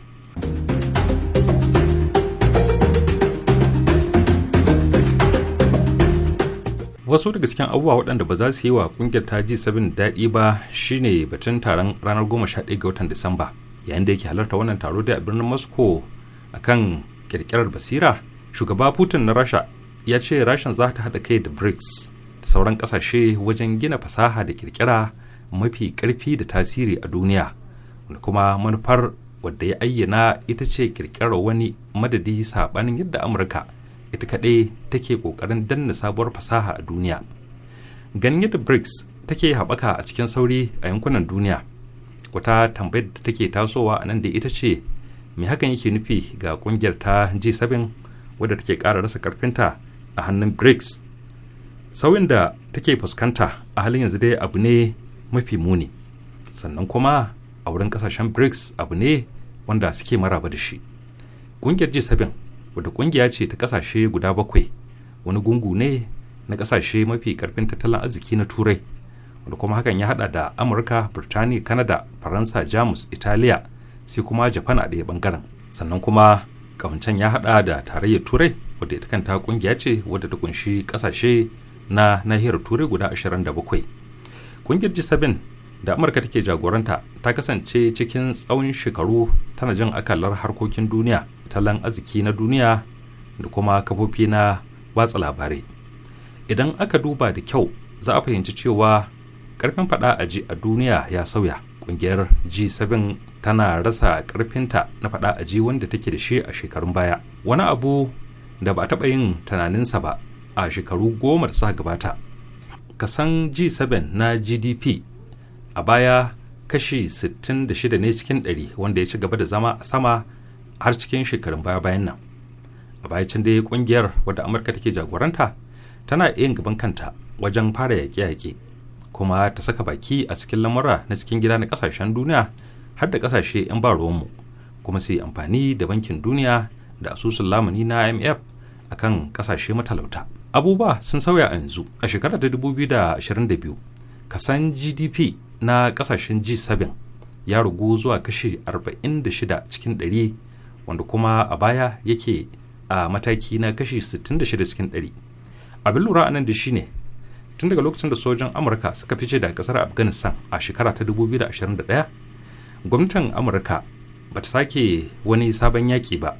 wasu daga cikin abubuwa waɗanda ba za su yi wa kungiyar ta ji sabin daɗi ba shine batun taron ranar 11 ga watan disamba yayin da yake halarta wannan taro da a birnin moscow akan kirkirar basira shugaba putin na rasha ya ce rashin za ta haɗa kai da brics da sauran ƙasashe wajen gina fasaha da kirkira mafi ƙarfi da tasiri a duniya wanda kuma manufar wadda ya ayyana ita ce kirkirar wani madadi saɓanin yadda amurka ita kaɗai take ƙoƙarin danna sabuwar fasaha a duniya ganin yadda brics take haɓaka a cikin sauri a yankunan duniya wata tambayar da take tasowa a nan da ita ce me hakan yake nufi ga kungiyar ta g7 wadda take kara rasa karfinta a hannun brics sauyin da take fuskanta a halin yanzu dai abu ne mafi muni sannan kuma a wurin kasashen brics abu ne wanda suke maraba da shi kungiyar g7 wadda kungiya ce ta kasashe guda bakwai wani gungu ne na kasashe mafi karfin tattalin arziki na turai wanda kuma hakan ya hada da amurka birtaniya kanada faransa jamus italiya sai kuma japan a ɗaya bangaren sannan kuma kawancen ya hada da tarayyar turai wadda ita kanta kungiya ce wadda ta kunshi kasashe na nahiyar turai guda 27 kungiyar g7 da amurka take jagoranta ta kasance cikin tsawon shekaru tana jin akalar harkokin duniya talan arziki na duniya da kuma kafofi na watsa labarai idan aka duba da kyau za a fahimci cewa karfin fada a ji a duniya ya sauya kungiyar g7 tana rasa ƙarfinta na faɗa a ji wanda take da shi a shekarun baya wani abu da ba taɓa yin tunaninsa ba a shekaru goma da suka gabata kasan g7 na gdp a baya kashi 66 ne cikin 100 wanda ya ci gaba da zama a sama har cikin shekarun baya bayan nan a can dai kungiyar wadda amurka take jagoranta tana yin gaban kanta wajen fara yaƙe-yaƙe kuma ta saka baki a cikin lamura na cikin gida na ƙasashen duniya har da kasashe 'yan ba ruwanmu kuma sai amfani da bankin duniya da asusun lamuni na imf a kan kasashe matalauta abubuwa sun sauya a yanzu a shekarar ta 2022 kasan gdp na kasashen g7 ya rugu zuwa kashi 46 cikin 100 wanda kuma a baya yake a mataki na kashi 66 cikin 100 abin lura anan da shi ne tun daga lokacin da sojan amurka suka fice da kasar afghanistan a shekara ta 2021 gwamnatin amurka ba ta sake wani sabon yaƙi ba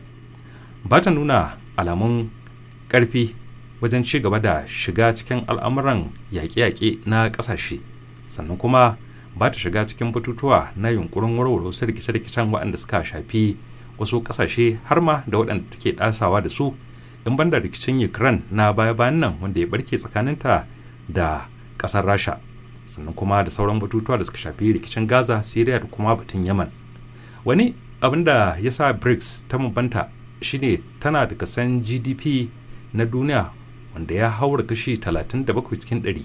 ba ta nuna alamun ƙarfi wajen ci gaba da shiga cikin al'amuran yaƙe-yaƙe na ƙasashe sannan kuma ba ta shiga cikin batutuwa na yunkurin warware wasu rikice-rikicen waɗanda suka shafi wasu ƙasashe har ma da waɗanda take ɗasawa da su in banda rikicin ukraine na baya-bayan nan wanda ya barke tsakaninta da ƙasar rasha sannan kuma da sauran batutuwa da suka shafi rikicin gaza syria da kuma batun yaman wani abin da ya sa brics ta mabanta shine tana da kasan gdp na duniya wanda ya haura kashi 37 cikin 100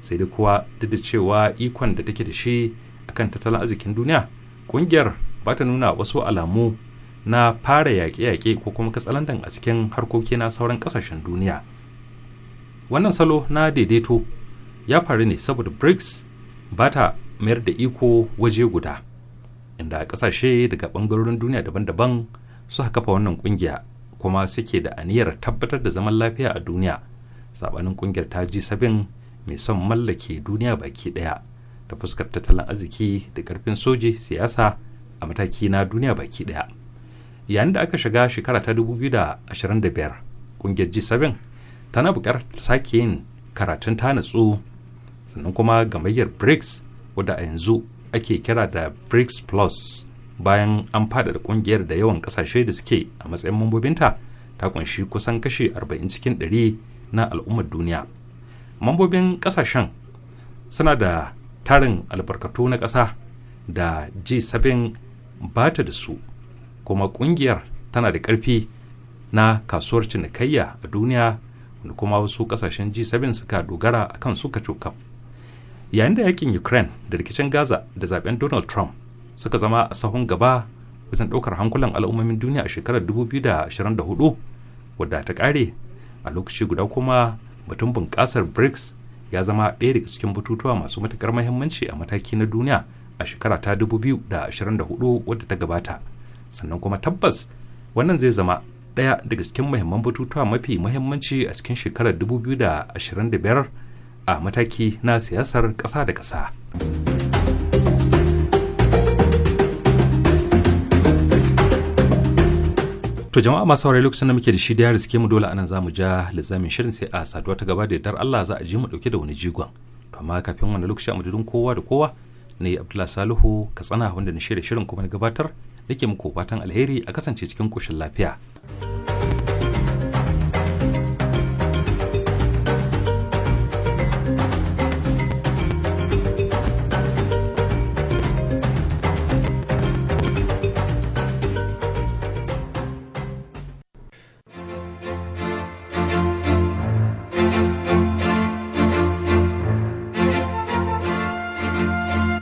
sai da kuwa duk da cewa ikon da take da shi akan tattalin arzikin duniya kungiyar ba ta nuna wasu alamu na fara yaƙe-yaƙe ko kuma katsalandan a cikin harkoki na sauran ƙasashen duniya wannan salo na daidaito ya faru ne saboda brics ba ta mayar da iko waje guda inda kasashe daga bangarorin duniya daban-daban haka kafa wannan kungiya kuma suke da aniyar tabbatar da zaman lafiya a duniya sabanin kungiyar ta ji sabin mai son mallake duniya baki daya ta fuskar tattalin arziki da karfin soji siyasa a mataki na duniya baki daya yayin da aka shiga shekara ta 2025 kungiyar g7 tana bukar sake yin karatun ta natsu sannan kuma gamayyar brics wadda a yanzu ake kira da brics plus bayan an fada da kungiyar da yawan kasashe da suke a matsayin mambobinta ta kunshi kusan kashe 40 cikin 100 na al'ummar duniya mambobin kasashen suna da tarin albarkatu na ƙasa da g7 bata da su kuma kungiyar tana da ƙarfi na kasuwar cinikayya a duniya da kuma wasu kasashen g7 suka dogara akan suka cokam yayin da yakin ukraine da rikicin gaza da zaben donald trump suka zama a sahun gaba wajen ɗaukar hankulan al'ummomin duniya a shekarar 2024 wadda ta kare a lokaci guda kuma batun bunƙasar brics ya zama ɗaya daga cikin batutuwa masu matuƙar mahimmanci a mataki na duniya a shekara ta 2024 wadda ta gabata sannan kuma tabbas wannan zai zama ɗaya daga cikin muhimman batutuwa mafi mahimmanci a cikin shekarar 2025 a mataki na siyasar ƙasa da kasa. To jama'a masu saurari lokacin da muke da shi da ya riske mu dole anan za mu ja lizamin shirin sai a saduwa ta gaba da yardar Allah za a ji mu dauke da wani jigon. Amma kafin wani lokaci a madadin kowa da kowa ne Abdullah Salihu Katsina wanda na shirya shirin kuma na gabatar nake muku fatan alheri a kasance cikin koshin lafiya.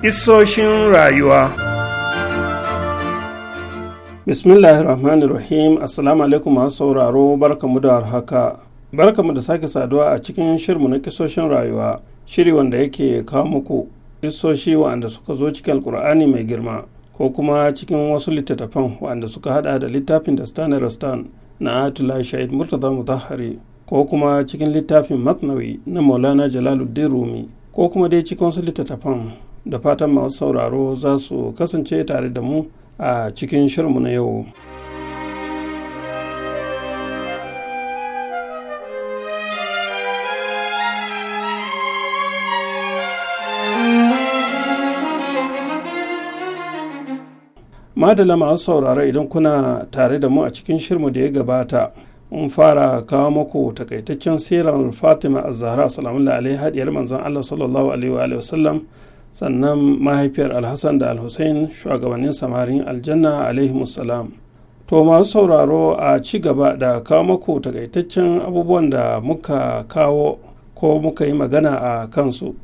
Isoshin rayuwa Bismillahir Rahmanir Rahim Assalamu alaikum masu sauraro barkamu da warhaka. Barkamu da sake saduwa a cikin shirmu na kisoshin rayuwa, shiri wanda yake kawo muku isoshi wa'anda suka zo cikin alkur'ani mai girma ko kuma cikin wasu littattafan wa'anda suka haɗa da littafin da stan na atula shahid murtaza mutahari ko kuma cikin littafin matnawi na maulana jalaluddin rumi ko kuma dai cikin wasu littattafan da fatan masu sauraro za su kasance tare da mu a cikin shirmu na yau. madala masu saurara idan kuna tare da mu a cikin shirmu da ya gabata mun fara kawo muku takaitaccen siran fatima a zahra salamun alaihi hadiyar manzon allah sallallahu alaihi wa sallam sannan mahaifiyar alhassan da alhussein shugabannin samarin aljanna alaihimussalam to masu sauraro a ci gaba da kawo maku takaitaccen abubuwan da muka kawo ko muka yi magana a kansu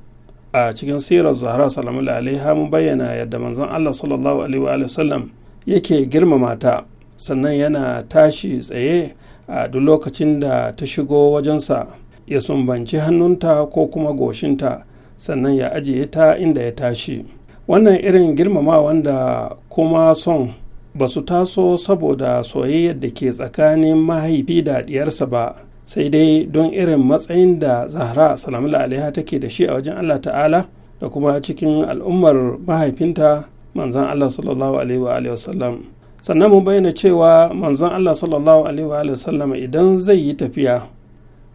a cikin sirar zahra salamu alaiha mun bayyana yadda manzon allah sallallahu alaihi wa yake girmama ta sannan yana tashi tsaye a duk lokacin da ta shigo wajensa ya sumbanci hannunta ko kuma goshinta sannan ya ajiye ta inda ya tashi wannan irin girmama wanda kuma son ba su taso saboda soyayyar da ke tsakanin mahaifi da diyarsa ba sai dai don irin matsayin da zahra salamula alaiha take da shi a wajen allah ta'ala da kuma cikin al'ummar mahaifinta manzan allah sallallahu alaihi wa sallam sannan mu bayyana cewa manzan allah sallallahu alaihi wa sallam idan zai yi tafiya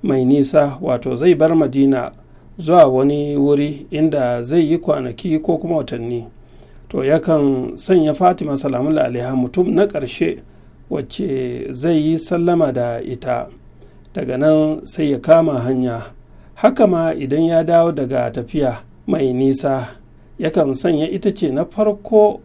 mai nisa wato zai bar madina zuwa wani wuri inda zai yi kwanaki ko kuma watanni to yakan sanya fatima salamun alaiha mutum na ƙarshe wacce zai yi sallama da ita daga nan sai ya kama hanya haka ma idan ya dawo daga tafiya mai nisa yakan sanya ita ce na farko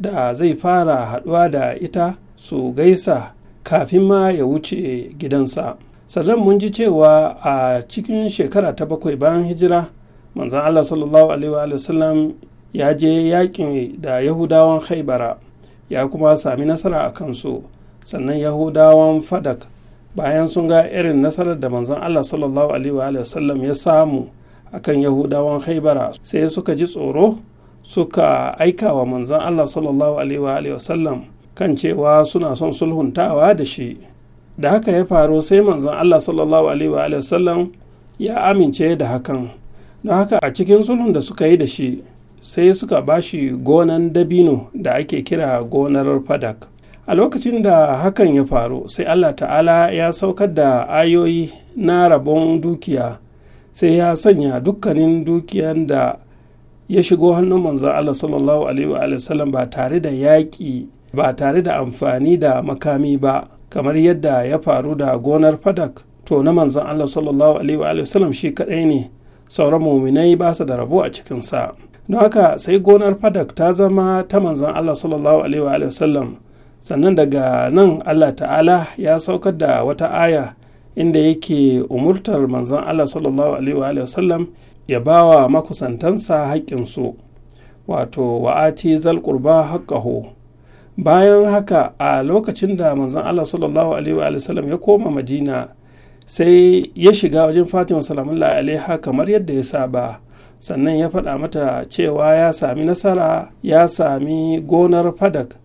da zai fara haɗuwa da ita su gaisa kafin ma ya wuce gidansa sannan mun ji cewa a cikin shekara ta bakwai bayan hijira manzan allah sallallahu alaihi wasallam ya je yakin da yahudawan haibara ya kuma sami nasara a kansu sannan yahudawan fadak bayan sun ga irin nasarar da manzan allah sallallahu alaihi wasallam ya samu a kan yahudawan haibara sai suka ji tsoro suka aika wa manzan allah sallallahu alaihi wasallam kan cewa suna son sulhuntawa da shi da haka ya faru sai manzon Allah sallallahu alaihi wa ya amince da hakan don haka a cikin sulhun da suka yi da shi sai suka ba shi gonan dabino da ake kira gonar fadak a lokacin da hakan ya faru sai Allah ta'ala ya saukar da ayoyi na rabon dukiya sai ya sanya dukkanin dukiyan da ya shigo hannun manzon Allah sallallahu alaihi wa ba tare da yaƙi ba tare da amfani da makami ba kamar yadda ya faru da gonar fadak to na manzan Allah sallallahu alaihi wa shi kadai ne sauran muminai ba su da rabo a cikinsa don haka sai gonar fadak ta zama ta manzan Allah sallallahu alaihi wa sannan daga nan Allah ta'ala ya saukar da wata aya inda yake umurtar manzan Allah sallallahu alaihi wa sallam ya bawa makusantansa haƙƙinsu wato wa'ati zal haqqahu bayan haka a lokacin da manzon allah sallallahu alaihi wa ya koma madina sai ya shiga wajen fatima salamullahi alaiha kamar yadda ya saba sannan ya faɗa mata cewa ya sami nasara ya sami gonar fadak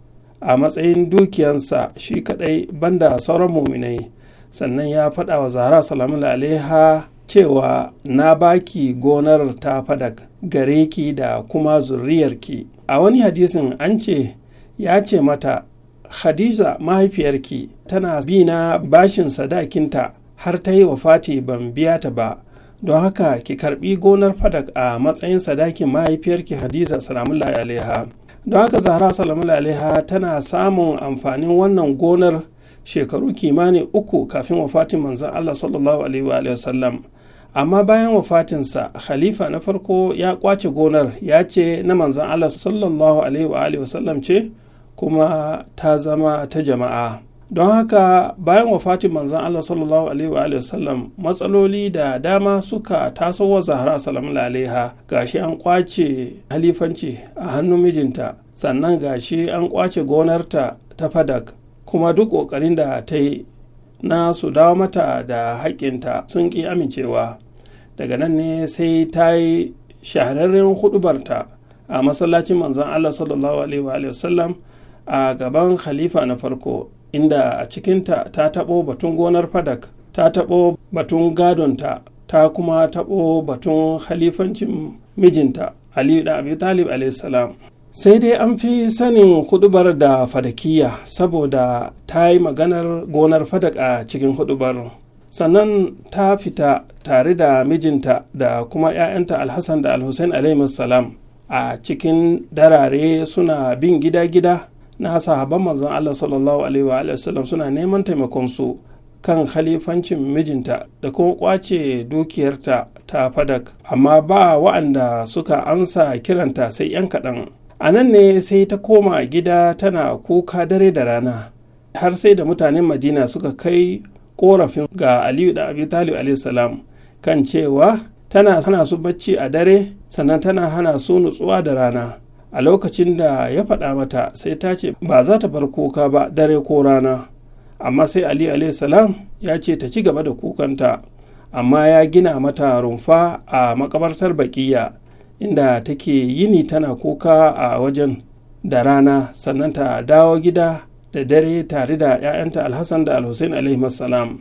a matsayin dukiyansa shi kadai banda sauran muminai sannan ya faɗa wa zahra salamullahi alaiha cewa na baki gonar ta fadak gare ki da kuma zurriyarki a wani hadisin an ce ya ce mata Hadiza mahaifiyarki tana bi na bashin sadakinta har ta yi wa fati ban biya ta ba don haka ki karbi gonar fadak a matsayin sadakin mahaifiyarki Hadiza salamullahi alaiha don haka zahra salamullahi alaiha tana samun amfanin wannan gonar shekaru kimanin uku kafin fatin manzon Allah sallallahu alaihi wa sallam amma bayan wafatinsa khalifa na farko ya kwace gonar ya ce na manzon Allah sallallahu alaihi wa sallam ce kuma ta zama ta jama'a don haka bayan wafatin manzan Allah sallallahu alaihi wa sallam matsaloli da dama suka taso wa zahra salamu alaiha gashi an kwace halifanci a hannun mijinta sannan gashi an kwace gonarta ta fadak kuma duk ƙoƙarin da ta yi na su dawo mata da haƙƙinta sun ƙi amincewa daga nan ne sai ta yi shahararren hudubarta a masallacin manzan Allah sallallahu alaihi wa sallam a gaban khalifa na farko inda a cikinta ta taɓo batun gonar fadak ta taɓo batun gadonta ta kuma tabo batun khalifancin mijinta aliyu da abi talib salam sai dai an fi sanin hudubar da fadakiya saboda ta yi maganar gonar fadak a cikin hudubar sannan ta fita tare da mijinta da kuma 'ya'yanta alhassan da alhussein salam a cikin darare suna bin gida-gida na sahaban manzon Allah sallallahu alaihi wa suna neman taimakon su kan khalifancin mijinta da kuma kwace dukiyarta ta fadak amma ba wa'anda suka ansa kiranta sai 'yan kaɗan a nan ne sai ta koma gida tana kuka dare da rana har sai da mutanen madina suka kai korafin ga aliyu da abi talib salam kan cewa tana hana su bacci a dare sannan tana hana su nutsuwa da rana a lokacin da ya faɗa mata sai ta ce ba za ta bar kuka ba dare ko rana amma sai ali salam ya ce ta ci gaba da kukanta amma ya gina mata rumfa a makabartar baƙiya inda take yini tana kuka a wajen da rana sannan ta dawo gida da dare tare da 'ya'yanta alhassan da alhussein salam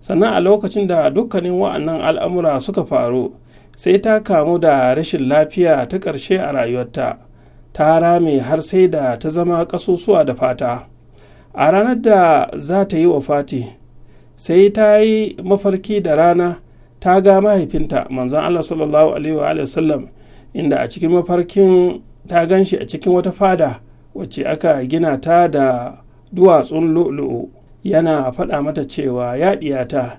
sannan a lokacin da dukkanin wa'annan al'amura suka faru sai ta kamu da rashin lafiya ta ƙarshe a rayuwarta ta rame har sai da ta zama ƙasusuwa da fata a ranar da za ta yi wa fati sai ta yi mafarki da rana ta ga mahaifinta manzan allah sallallahu alaihi wasallam inda a cikin mafarkin ta gan shi a cikin wata fada wacce aka gina ta da duwatsun lu'lu'u yana faɗa mata cewa ya ɗiyata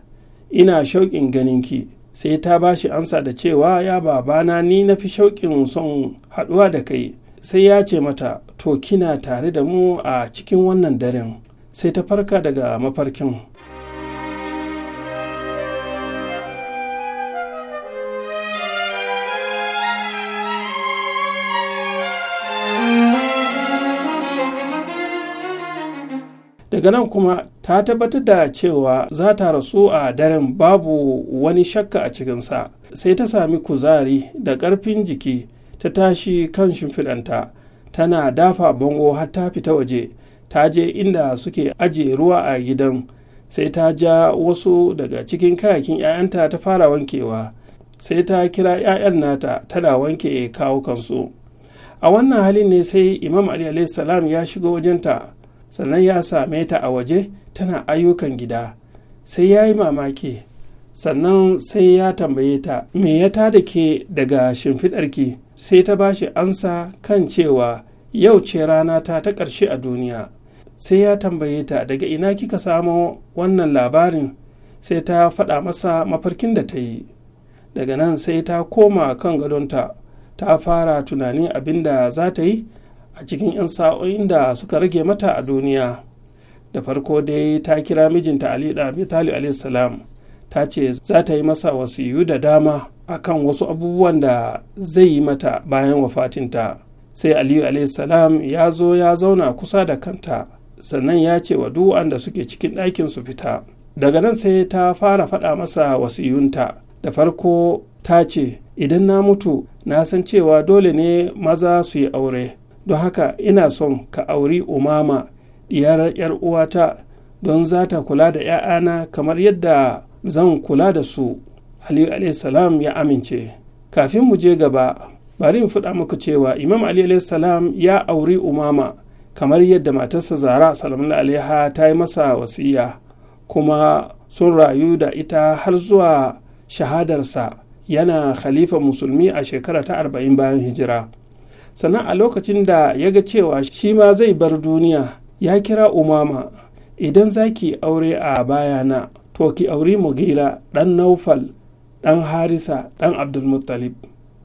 ina shauƙin ganinki sai ta ba shi ansa da cewa ya babana ni na fi shauƙin son haɗuwa da kai sai ya ce mata to kina tare da mu a cikin wannan daren sai ta farka daga mafarkin daga nan kuma ta tabbatar da cewa za ta rasu a daren babu wani shakka a cikinsa sai ta sami kuzari da ƙarfin jiki ta tashi kan shimfiɗanta tana dafa bango har ta fita waje ta je inda suke ajiye ruwa a gidan sai ta ja wasu daga cikin kayakin 'ya'yanta ta fara wankewa sai ta kira 'ya'yan nata tana wanke kawukansu a wannan halin ne sai imam ali salam ya shiga wajenta sannan ya same ta a waje tana ayyukan gida sai ya yi mamaki sannan sai ya tambaye ta me ya tada ke daga shimfiɗarki sai ta ba shi ansa kan cewa yau ce rana ta ta ƙarshe a duniya sai ya tambaye ta daga ina kika samo wannan labarin sai ta faɗa masa mafarkin da ta yi daga nan sai ta koma kan gadonta ta fara tunanin abin da za ta yi a cikin 'yan sa'o'in da suka rage mata a duniya da farko dai ta kira mijinta ali da ta ce za ta yi masa wasi'u da dama akan wasu abubuwan da zai yi mata bayan wafatinta sai aliyu salam ya zo ya zauna kusa da kanta sannan ya ce wa duwan da suke cikin ɗakin su fita daga nan sai ta fara faɗa masa wasiyunta da farko ta ce idan na mutu na san cewa dole ne maza su yi aure don haka ina son ka auri umama diyar yar uwata don za ta kula da 'ya'yana kamar yadda zan kula da su aliyu salam ya amince kafin mu je gaba bari mu faɗa muku cewa imam ali salam ya auri umama kamar yadda matarsa zara salamun alaiha ta yi masa wasiya kuma sun rayu da ita har zuwa shahadarsa yana khalifa musulmi a shekara ta arba'in bayan hijira sannan a lokacin da ya ga cewa shi ma zai bar duniya ya kira umama idan zaki aure a bayana to ki auri mugira ɗan naufal ɗan harisa ɗan abdulmuttalib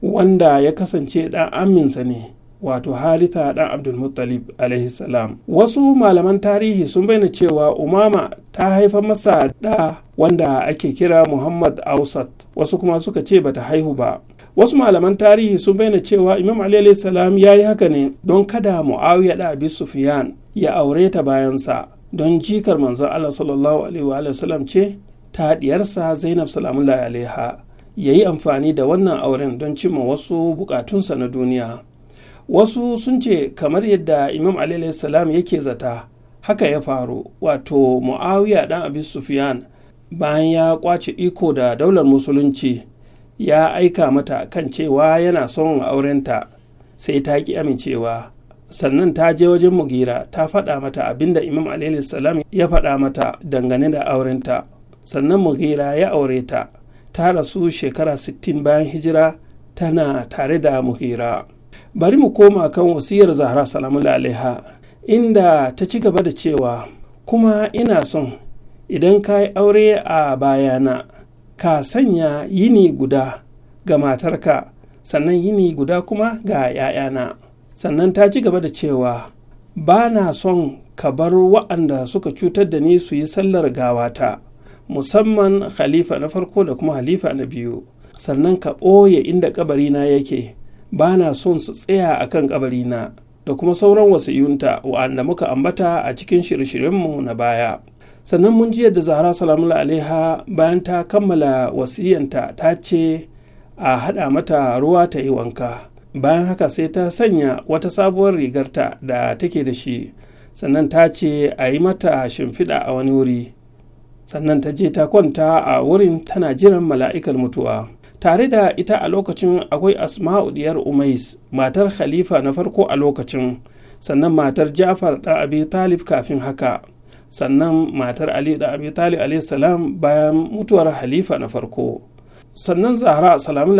wanda ya kasance ɗan aminsa ne wato Harisa ɗan abdulmuttalib salam wasu malaman tarihi sun bayyana cewa umama ta haifa masa ɗa wanda ake kira muhammad ausat wasu kuma suka ce bata haihu ba wasu malaman tarihi sun bayyana cewa imam ali salam ya yi haka ne don kada muawiya da abi sufiyan ya aure ta bayansa don jikar manzon allah sallallahu alaihi wa ce ta diyarsa zainab salamullahi alaiha ya yi amfani da wannan auren don cimma wasu bukatunsa na duniya wasu sun ce kamar yadda imam salam yake zata haka ya faru wato muawiya ɗan abi sufyan bayan ya kwace iko da daular musulunci ya aika mata kan cewa yana son aurenta sai ta ki amincewa sannan ta je wajen mugira ta faɗa mata abinda imam salam ya faɗa mata dangane da aurenta sannan mughira ya aure ta ta rasu shekara 60 bayan hijira tana tare da mughira bari mu koma kan wasiyar zahra salamu alaiha inda ta ci gaba da cewa kuma ina son idan ka yi aure a bayana ka sanya yini guda ga matarka sannan yini guda kuma ga 'ya'yana sannan ta ci gaba da cewa ba na son ka bar wa'anda suka cutar da ni su yi sallar gawata musamman khalifa na farko da kuma halifa na biyu sannan ka ɓoye inda ƙabarina yake ba na son su tsaya a kan ƙabarina da kuma sauran wasiyunta wa'anda muka ambata a cikin shirye-shiryenmu na baya sannan mun ji yadda zahra salamu alaiha bayan ta kammala wasiyanta ta ce a haɗa mata ruwa ta yi wanka bayan haka sai ta sanya wata sabuwar rigarta da take da shi sannan ta ce a yi mata shimfiɗa a wani wuri sannan ta je ta kwanta a wurin tana jiran mala'ikar mutuwa tare da ita a lokacin akwai asma'u diyar umais matar khalifa na farko a lokacin sannan matar jafar da abi talib kafin haka sannan matar ali da abi talib salam bayan mutuwar khalifa na farko sannan zahra salamu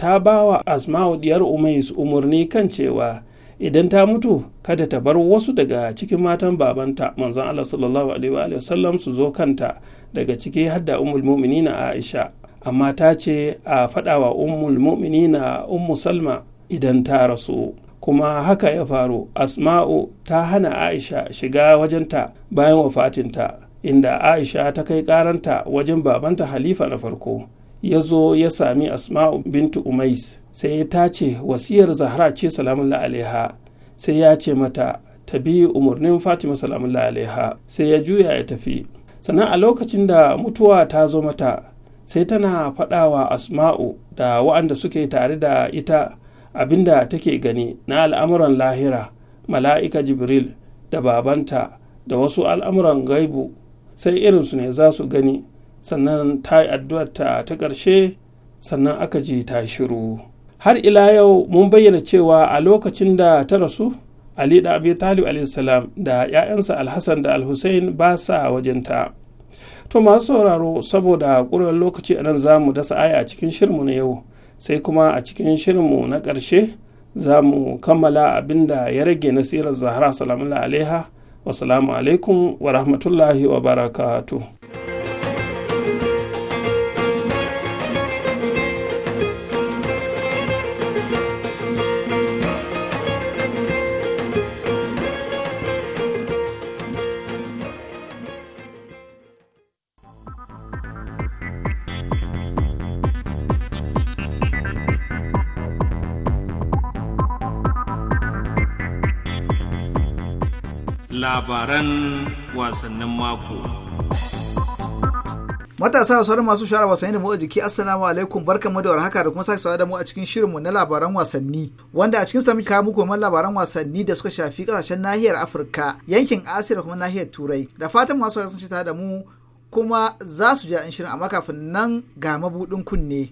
ta ba wa asma'u diyar umais umarni kan cewa idan ta mutu kada ta bar wasu daga cikin matan babanta manzon Allah sallallahu alaihi wa sallam su zo kanta daga ciki hadda ummul mu'minina Aisha amma ta ce a faɗawa ummul mu'minina ummu Salma idan ta rasu kuma haka ya faru asma'u ta hana aisha shiga wajenta bayan wafatinta inda aisha ta kai karanta wajen babanta halifa na farko ya zo ya sami asma'u bintu umais sai ya tace wasiyar zahra ce salamun alaiha sai ya ce mata ta bi umarnin fatima salamun alaiha sai ya juya ya tafi sannan a lokacin da mutuwa ta zo mata sai tana faɗawa asma'u da wa'anda suke tare da ita abinda take gani na al'amuran lahira mala'ika jibril da babanta da wasu al'amuran gaibu sai irinsu ne za su gani sannan ta yi addu'ar ta ta ƙarshe sannan aka ji ta shiru har ila yau mun bayyana cewa a lokacin da ta rasu ali da abi talib alaihissalam da 'ya'yansa alhassan da alhussein ba sa wajenta to masu sauraro saboda ƙurar lokaci a nan za mu dasa aya a cikin shirinmu na yau sai kuma a cikin shirinmu na ƙarshe za mu kammala abin da ya rage nasirar sirar zahra salamu alaiha wasalamu alaikum wa rahmatullahi wa barakatuh labaran wasannin mako. Matasa sauran masu shara wasanni da motsa jiki assalamu alaikum barkanmu da warhaka da kuma sake da mu a cikin shirinmu na labaran wasanni wanda a cikin sa muke kawo labaran wasanni da suka shafi kasashen nahiyar Afirka yankin Asiya da kuma nahiyar Turai da fatan masu sun ci tare da mu kuma za su ji a shirin amma kafin nan ga mabuɗin kunne.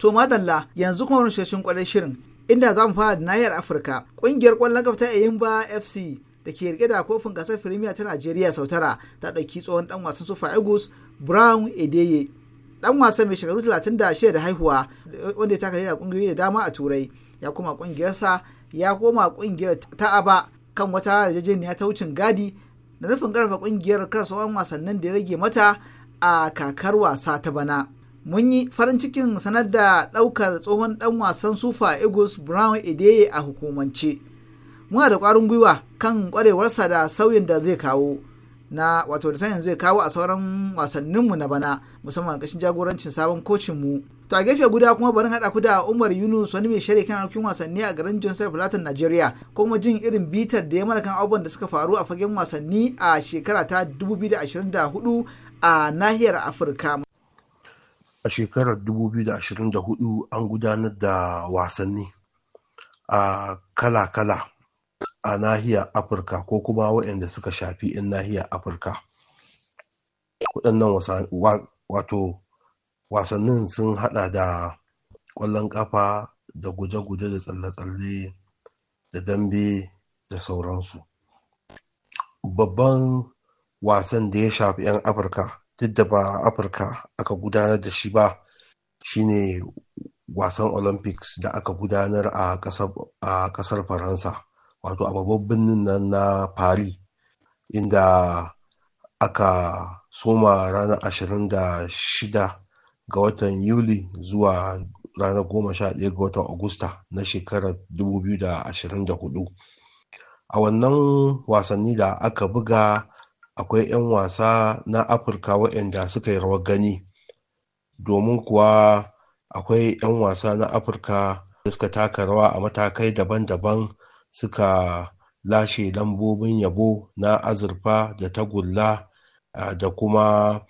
To madalla yanzu kuma wani shirin kwarai shirin inda za mu fara da nahiyar Afirka. Ƙungiyar kwallon kafa ta Eyimba FC da ke rike da kofin gasar Firimiya ta Najeriya sau tara ta ɗauki tsohon ɗan wasan sufa Eagles Brown Edeye. dan wasan mai shekaru 36 da haihuwa wanda ya taka da ƙungiyoyi da dama a Turai ya koma kungiyarsa ya koma ƙungiyar ta Aba kan wata yarjejeniya ta wucin gadi da nufin ƙarfa ƙungiyar kasuwan wasannin da ya rage mata a kakar wasa ta bana. mun yi farin cikin sanar da ɗaukar tsohon ɗan wasan sufa eagles brown edeye a hukumance muna da ƙwarin gwiwa kan ƙwarewarsa da sauyin da zai kawo na wato da sanyin zai kawo a sauran wasanninmu na bana musamman ƙashin jagorancin sabon kocinmu to a gefe guda kuma barin haɗa ku da umar yunus wani mai shirya kan harkokin wasanni a garin johnson platin nigeria ko kuma jin irin bitar da ya mana kan abubuwan da suka faru a fagen wasanni a shekara ta 2024 a nahiyar afirka A shekarar 2024 an gudanar da wasanni a kala-kala a nahiyar Afirka ko kuma waɗanda suka shafi 'yan nahiyar Afirka. Waɗannan wato wasannin sun haɗa da ƙwallon ƙafa da guje-guje da tsalle-tsalle da dambe da sauransu. Babban wasan da ya shafi 'yan Afirka duk da ba afirka aka gudanar da shi ba shine wasan olympics da aka gudanar a ƙasar faransa wato a babban birnin nan na paris inda aka soma ranar 26 ga watan yuli zuwa ranar 11 ga watan agusta na shekarar 2024 a wannan wasanni da aka buga akwai 'yan wasa na afirka waɗanda suka yi rawar gani domin kuwa akwai 'yan wasa na afirka da suka taka rawa a matakai daban-daban suka lashe lambobin yabo na azurfa da tagulla da kuma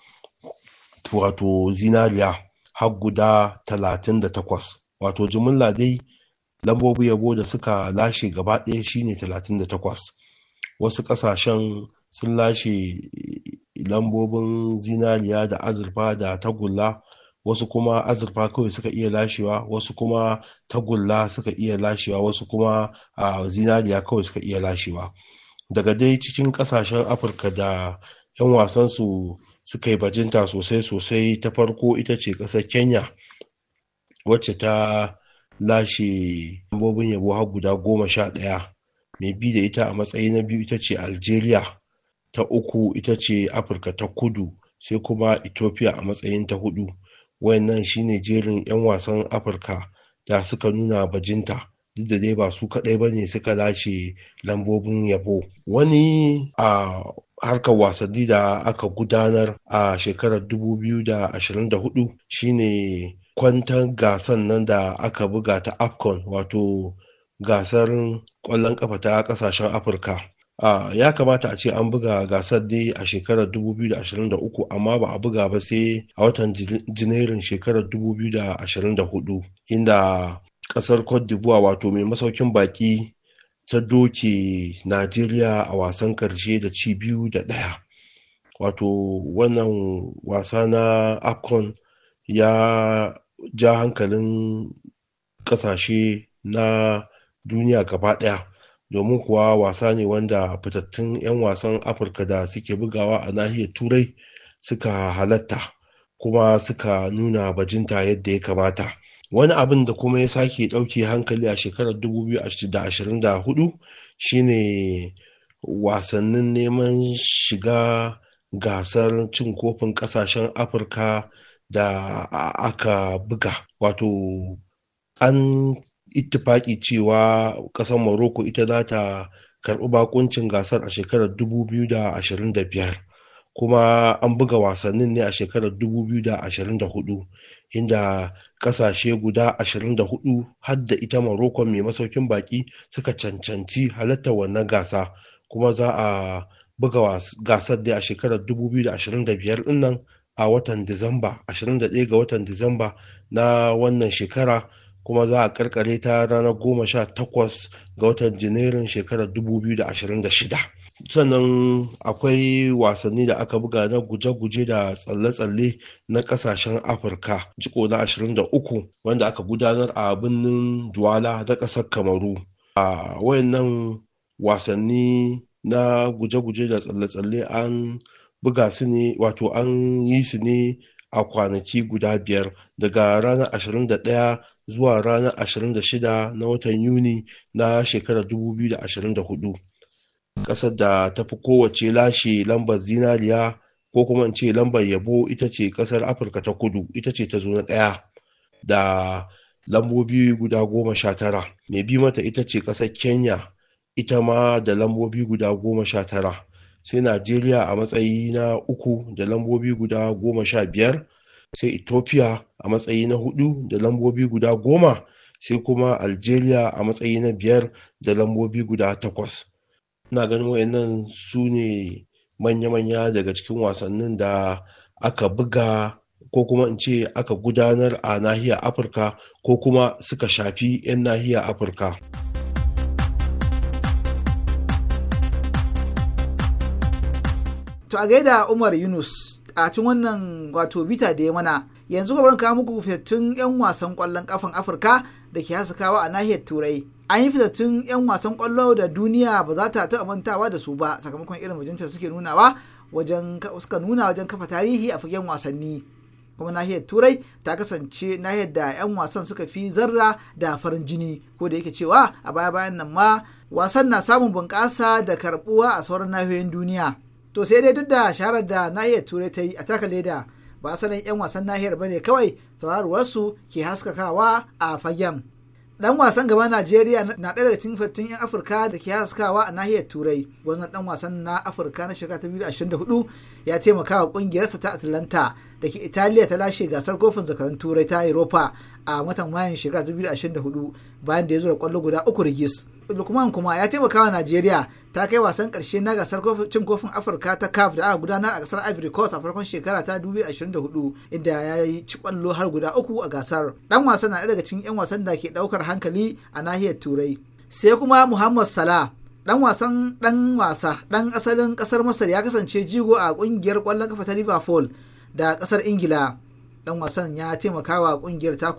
wato zinariya har guda 38 wato jimilla dai lambobin yabo da suka lashe gaba ɗaya shine 38 wasu ƙasashen sun lashe lambobin zinariya da azurfa da tagulla wasu kuma azurfa kawai suka iya lashewa wasu kuma tagulla suka iya lashewa wasu kuma a zinariya kawai suka iya lashewa daga dai cikin kasashen afirka da 'yan wasansu suka yi bajinta sosai-sosai ta farko ita ce ƙasar kenya wacce ta lashe lambobin yabo har guda goma sha ɗaya mai bi da ita a matsayi na biyu ita ce algeria ta uku ita ce afirka ta kudu sai kuma ethiopia a matsayin ta hudu wayannan shine jerin 'yan wasan afirka da suka nuna bajinta duk da dai ba su kadai ba ne suka lashe lambobin yabo wani a harkar wasanni da aka gudanar a shekarar 2024 shine kwantar gasar nan da aka buga ta afcon wato gasar kwallon kafa ta kasashen afirka ya kamata a ce an buga gasar dai a shekarar 2023 amma ba a buga ba sai a watan janairun shekarar 2024 inda ƙasar cote d'ivoire wato mai masaukin baƙi ta doke najeriya a wasan karshe da ci biyu da ɗaya wato wannan wasa na afcon ya ja hankalin ƙasashe na duniya gaba ɗaya domin kuwa wasa ne wanda fitattun 'yan wasan afirka da suke bugawa a nahiyar turai suka halatta kuma suka nuna bajinta yadda ya kamata wani abin da kuma ya sake ɗauke hankali a shekarar 2024 shine wasannin neman shiga gasar cin kofin ƙasashen afirka da aka buga wato an ittifaki cewa ƙasar Morocco ita za ta karɓi bakuncin gasar a shekarar 2025 kuma an buga wasannin ne a shekarar 2024 inda ƙasashe guda 24 har hadda ita Morocco mai masaukin baki suka cancanci halartar wannan gasa kuma za a buga gasar da a shekarar 2025 biyar nan a watan Disamba 21 ga watan Disamba na wannan shekara kuma za a karkare ta ranar goma sha takwas ga watan janairun shekarar 2026 sannan akwai wasanni da aka buga na guje-guje da tsalle-tsalle na kasashen afirka jiko na 23 wanda aka gudanar a birnin duwala na ƙasar kamaru a wayannan wasanni na guje-guje da tsalle-tsalle an buga su ne wato an yi su ne a kwanaki guda biyar daga ranar 21 zuwa ranar 26 na watan Yuni na shekarar 2024. Ƙasar da ta fi kowace lashe lambar zinariya ko kuma in ce lambar yabo ita ce ƙasar Afirka ta kudu ita ce ta zo na ɗaya da lambobi guda goma sha tara. Mai bi mata ita ce ƙasar Kenya ita ma da lambobi guda goma sha tara. Sai Najeriya a matsayi na uku da lambobi guda goma sha biyar. sai ethiopia a matsayi na hudu da lambobi guda goma sai kuma algeria a matsayi na biyar da lambobi guda takwas na ganin wayannan su ne manya-manya daga cikin wasannin da aka buga ko kuma in ce aka gudanar a nahiyar afirka ko kuma suka shafi 'yan nahiyar afirka to a gaida umar yunus a cikin wannan wato bita da ya mana yanzu ka kawo muku fitattun 'yan wasan kwallon kafan afirka da ke haskawa a nahiyar turai an yi fitattun 'yan wasan kwallo da duniya ba za ta taɓa mantawa da su ba sakamakon irin bajinta suke nunawa wajen suka nuna wajen kafa tarihi a fagen wasanni kuma nahiyar turai ta kasance nahiyar da 'yan wasan suka fi zarra da farin jini ko da yake cewa a baya bayan nan ma wasan na samun bunƙasa da karɓuwa a sauran nahiyoyin duniya to sai dai duk da shaharar da nahiyar turai ta yi a taka leda ba sanin 'yan wasan nahiyar bane kawai tauraruwarsu ke haskakawa a fagen dan wasan gaba najeriya na ɗaya daga cikin fattun 'yan afirka da ke haskawa a nahiyar turai wannan dan wasan na afirka na shekara ta 2024 ya taimaka wa ƙungiyarsa ta atlanta da ke italiya ta lashe gasar kofin zakarun turai ta europa a watan mayan shekara 2024 bayan da ya zo da kwallo guda uku rigis lukman kuma ya taimaka wa najeriya ta kai wasan karshe na gasar cin kofin afirka ta caf da aka gudanar a gasar ivory coast a farkon shekara ta 2024 inda ya yi ci kwallo har guda uku a gasar dan wasan na daga cikin yan wasan da ke ɗaukar hankali a nahiyar turai sai kuma muhammad salah dan wasan dan wasa dan asalin kasar masar ya kasance jigo a kungiyar kwallon kafa ta liverpool da kasar ingila dan wasan ya taimaka wa kungiyar ta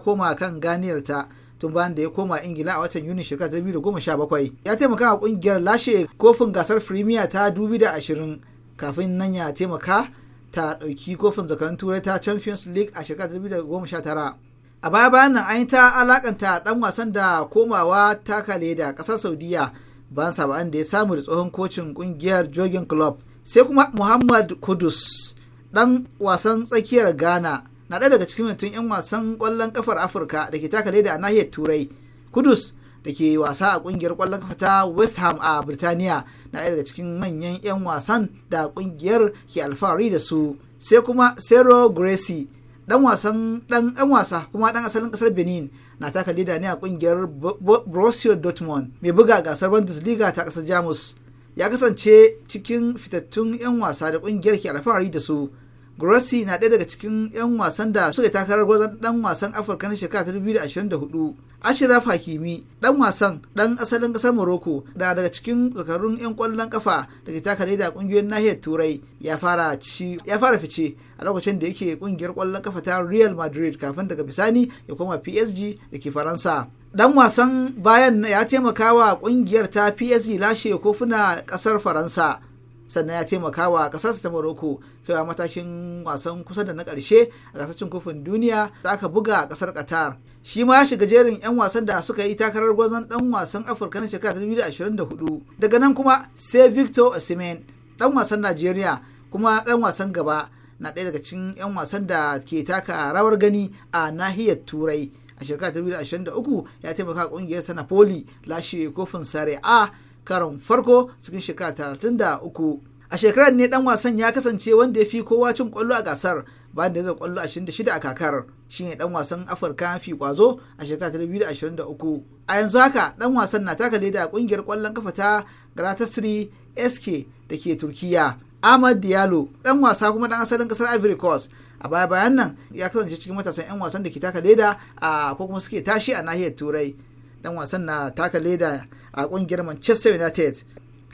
koma kan ganiyarta tun bayan da ya koma ingila a watan yuni shekara ta biyu goma sha bakwai ya taimaka wa kungiyar lashe kofin gasar firimiya ta dubi da ashirin kafin nan ya taimaka ta ɗauki kofin zakarun turai ta champions league a shekara ta biyu goma sha tara a baya bayan nan an yi ta alakanta dan wasan da komawa takale da kasar saudiya bayan saba'an da ya samu da tsohon kocin kungiyar jogin club sai kuma muhammad kudus dan wasan tsakiyar ghana na ɗaya daga cikin mutum 'yan wasan ƙwallon ƙafar afirka da ke taka leda a nahiyar turai kudus da ke wasa a ƙungiyar ƙwallon ƙafa ta west ham a birtaniya na ɗaya daga cikin manyan 'yan wasan da ƙungiyar ke alfahari da su sai kuma sero gracy ɗan wasan ɗan wasa kuma ɗan asalin ƙasar Benin na taka leda ne a ƙungiyar Borussia Dortmund mai buga gasar Bundesliga ta kasar Jamus ya kasance cikin fitattun 'yan wasa da ƙungiyar ke alfahari da su Grossi na ɗaya daga cikin 'yan wasan da suka takarar gwazon ɗan wasan Afirka na shekara 2024. Ashraf Hakimi, ɗan wasan ɗan asalin ƙasar Morocco da daga cikin zakarun 'yan ƙwallon ƙafa da ke taka da ƙungiyoyin nahiyar Turai ya fara fice a lokacin da yake ƙungiyar ƙwallon ƙafa ta Real Madrid kafin daga bisani ya koma PSG da ke Faransa. dan wasan bayan ya taimaka wa ƙungiyar ta PSG lashe kofuna ƙasar Faransa sannan ya taimaka wa kasarsa ta Morocco kaiwa matakin wasan kusa da na karshe a kasashen kofin duniya da aka buga a ƙasar Qatar. Shi ma ya shiga jerin 'yan wasan da suka yi takarar gwazon ɗan wasan Afirka na shekara 2024. Daga nan kuma sai Victor Osimhen ɗan wasan Najeriya kuma ɗan wasan gaba na ɗaya daga cikin 'yan wasan da ke taka rawar gani a nahiyar Turai. A shekara 2023 ya taimaka ƙungiyar Sanapoli lashe kofin Serie A karon farko cikin shekara talatin da uku. A shekarar ne dan wasan ya kasance wanda ya fi kowa cin kwallo a gasar bayan da ya ashirin kwallo 26 a kakar shi ne dan wasan Afirka fi kwazo a shekara ta 2023. A yanzu haka ɗan wasan na taka leda kungiyar kwallon kafa ta Galatasaray SK da ke Turkiya. Ahmad Diallo ɗan wasa kuma ɗan asalin kasar Ivory Coast a baya bayan nan ya kasance cikin matasan 'yan wasan da ke taka leda a ko kuma suke tashi a nahiyar Turai. Dan wasan na taka leda a ƙungiyar Manchester United.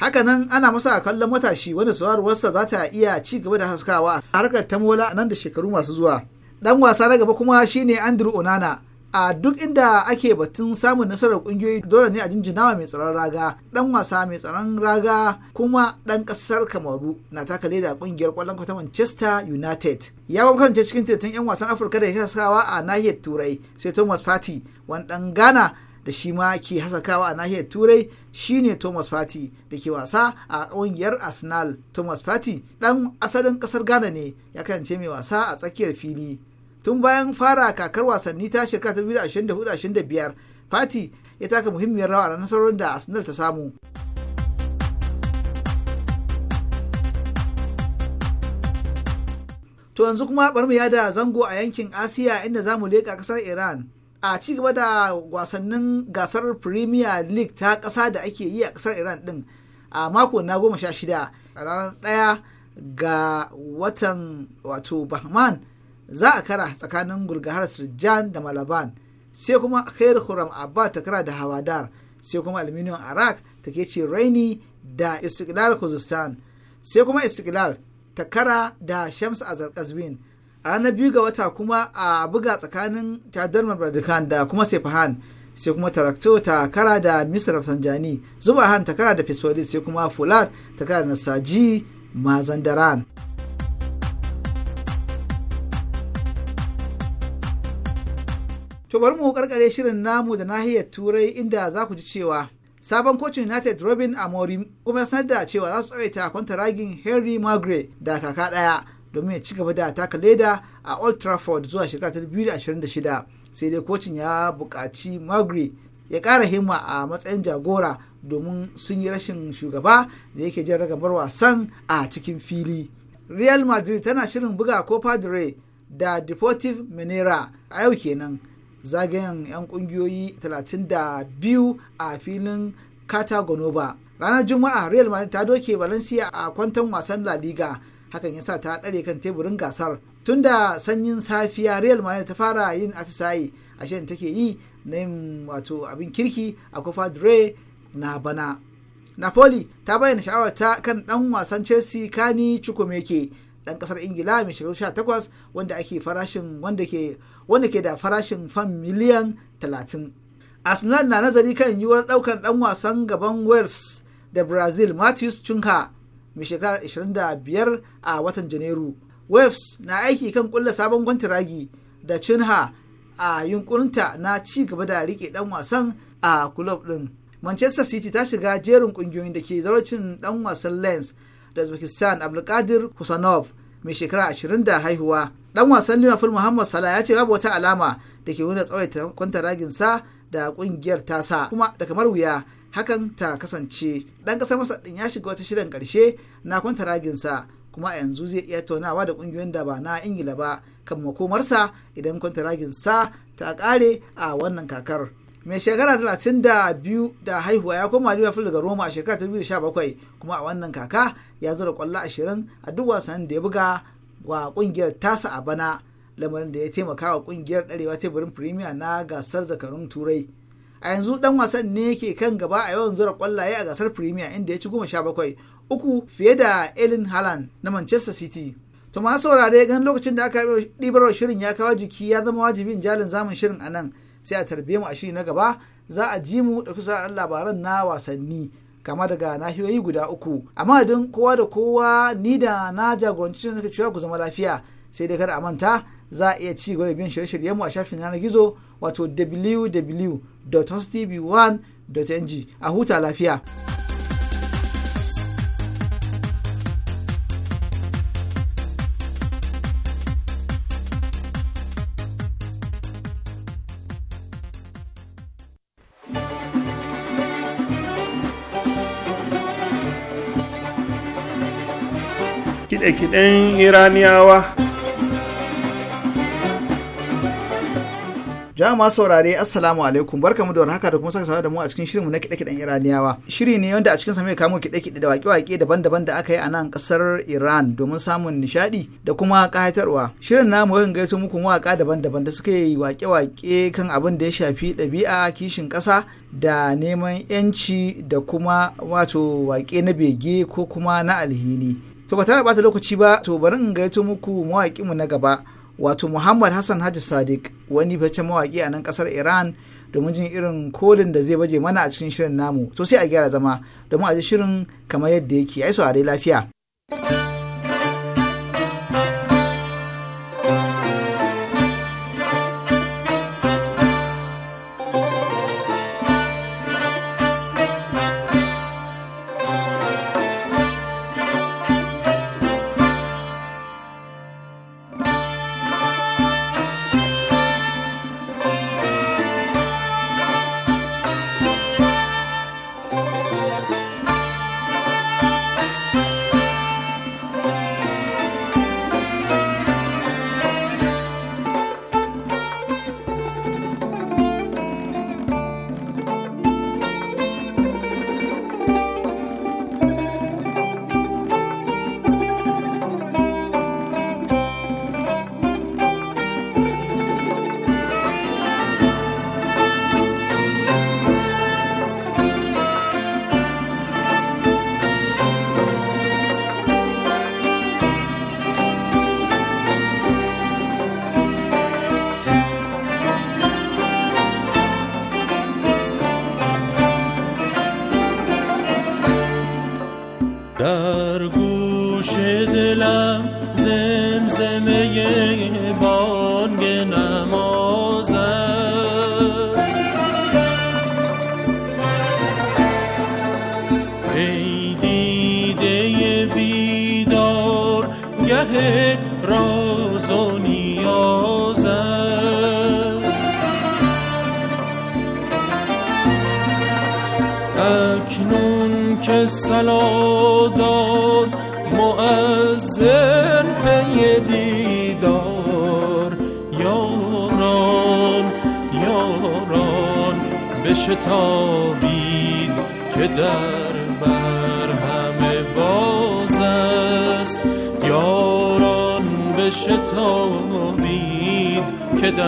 Hakanan ana masa a kallon matashi wanda sauraruwarsa za ta iya ci gaba da haskawa a harkar ta nan da shekaru masu zuwa. Dan wasa na gaba kuma shine Andrew Onana. A duk inda ake batun samun nasarar kungiyoyi dole ne a jinjinawa mai tsaron raga, dan wasa mai tsaron raga kuma dan kasar Kamaru na taka leda kungiyar kwallon kwata Manchester United. Ya kasance cikin teton 'yan wasan Afirka da ya haskawa a nahiyar Turai sai Thomas Partey wani dan Ghana da shi ma ke hasakawa a nahiyar turai shine thomas party da ke wasa a ƙungiyar arsenal thomas party ɗan asalin ƙasar ghana ne ya kasance mai wasa a tsakiyar fili tun bayan fara kakar wasanni ta shekara 2024-2025 party ya taka muhimmiyar rawa a nasarorin da arsenal ta samu to yanzu kuma bari mu yada zango a yankin asiya inda zamu mu leƙa ƙasar iran a ci gaba da wasannin gasar premier league ta kasa da ake yi a kasar iran din, a mako na goma sha shida a ranar ɗaya ga watan wato bahman za a kara tsakanin gulgahar sirjan da malaban sai kuma khair huram abba ta kara da hawadar sai kuma aluminium arak ta ke ce raini da istiklal kuzistan sai kuma istiklal ta kara da shams azar kazbin a ranar biyu ga wata kuma a buga tsakanin tadar mabradikan da kuma Sefahan sai kuma Tarakto ta kara da Misr Sanjani han ta kara da Fesfolis sai kuma Fulat ta kara da Nasaji Mazandaran. To bari mu karkare shirin namu da nahiyar Turai inda za ku ji cewa sabon kocin United Robin Amorim kuma sanar da cewa za su tsawaita ragin Henry Magre da kaka ɗaya domin ya ci gaba da taka leda a old trafford zuwa shekara ta 2026 sai dai kocin ya buƙaci magri ya ƙara himma a matsayin jagora domin sun yi rashin shugaba da yake jan ragabar wasan a cikin fili real madrid tana shirin buga copa del rey da deportive menera a yau kenan zagayen 'yan kungiyoyi 32 a filin Catagonova. ranar juma'a real madrid ta doke valencia a kwanton wasan la liga hakan yasa ta ɗare kan teburin gasar tunda sanyin safiya real madrid ta fara yin atisaye a shan take yi na yin wato abin kirki a kofa dre na bana napoli ta bayyana sha'awar ta kan dan wasan chelsea kani chukwumeke dan kasar ingila mai shekaru 18 wanda ake farashin wanda ke wanda ke da farashin fan miliyan 30 arsenal na nazari kan yiwuwar daukan dan wasan gaban wales da brazil matthews chunka mai shekara 25 a watan janairu waves na aiki kan kulla sabon kwantiragi da cinha a yunkurinta na ci gaba da rike dan wasan a kulob din manchester city ta shiga jerin kungiyoyin da ke zarocin dan wasan lens da uzbekistan abdulkadir kusanov mai shekara 20 da haihuwa dan wasan liverpool muhammad salah ya ce babu wata alama da ke nuna tsawaita kwantaraginsa da kungiyar tasa kuma da kamar wuya hakan ta kasance ɗan ƙasar masar ɗin ya shiga wata shirin ƙarshe na kwanta raginsa kuma a yanzu zai iya taunawa da ƙungiyoyin da ba na ingila ba kan makomarsa idan kwanta raginsa ta ƙare a wannan kakar mai shekara 32 da haihuwa ya koma liverpool daga roma a shekara ta kuma a wannan kaka ya zura kwallo ashirin a duk wasan da ya buga wa ƙungiyar tasa a bana lamarin da ya taimaka wa ƙungiyar ɗarewa teburin premier na gasar zakarun turai a yanzu dan wasan ne ke kan gaba a yawan zura kwallaye a gasar premier inda ya ci goma sha bakwai uku fiye da elin haaland na manchester city to ma saurare gan lokacin da aka ɗibar shirin ya kawo jiki ya zama wajibin jalin zamun shirin a nan sai a tarbiye mu a shiri na gaba za a ji mu da kusa labaran na wasanni kama daga nahiyoyi guda uku Amma madadin kowa da kowa ni da na jagoranci suka cewa ku zama lafiya sai dai kada a manta za a iya ci gaba da biyan shirye-shiryen mu a shafin yanar gizo wato www www.hostv1.ng a huta lafiya. Kiɗe-kiɗen Iraniyawa Jama'a saurare Assalamu alaikum mu da warhaka da kuma saka da mu a cikin shirinmu na kiɗe-kiɗen Iraniyawa. Shiri ne wanda a cikin sa mai kamo kiɗe-kiɗe da waƙe-waƙe daban-daban da aka yi a nan ƙasar Iran domin samun nishaɗi da kuma ƙayatarwa. Shirin namu yakan gaiso muku waƙa daban-daban da suka yi waƙe-waƙe kan abin da ya shafi ɗabi'a kishin ƙasa da neman 'yanci da kuma wato waƙe na bege ko kuma na alhini. To ba tare da ɓata lokaci ba to bari in gaito muku mawaƙinmu na gaba. wato muhammad hassan haji sadiq wani fice mawaƙi a nan ƙasar iran domin jin irin kolin da zai baje mana a cikin shirin namu to sai a gyara zama domin a ji shirin kamar yadda yake ai saurare lafiya.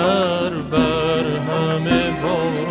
بر بر همه باید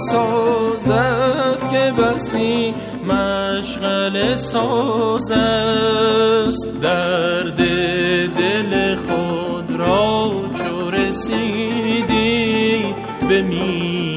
سازد که بسی مشغل ساز است درد دل خود را چو رسیدی به می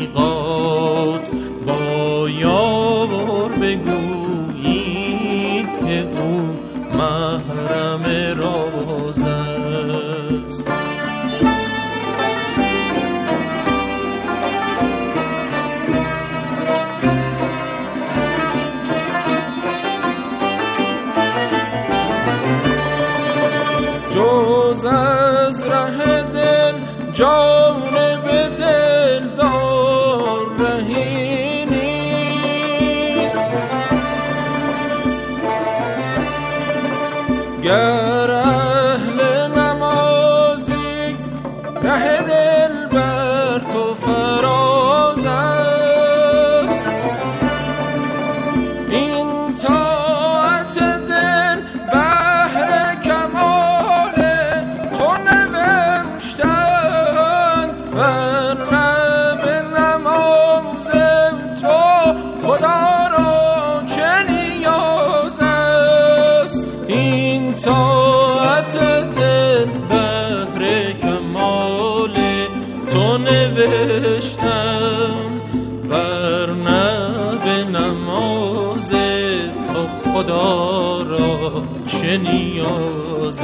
نیاز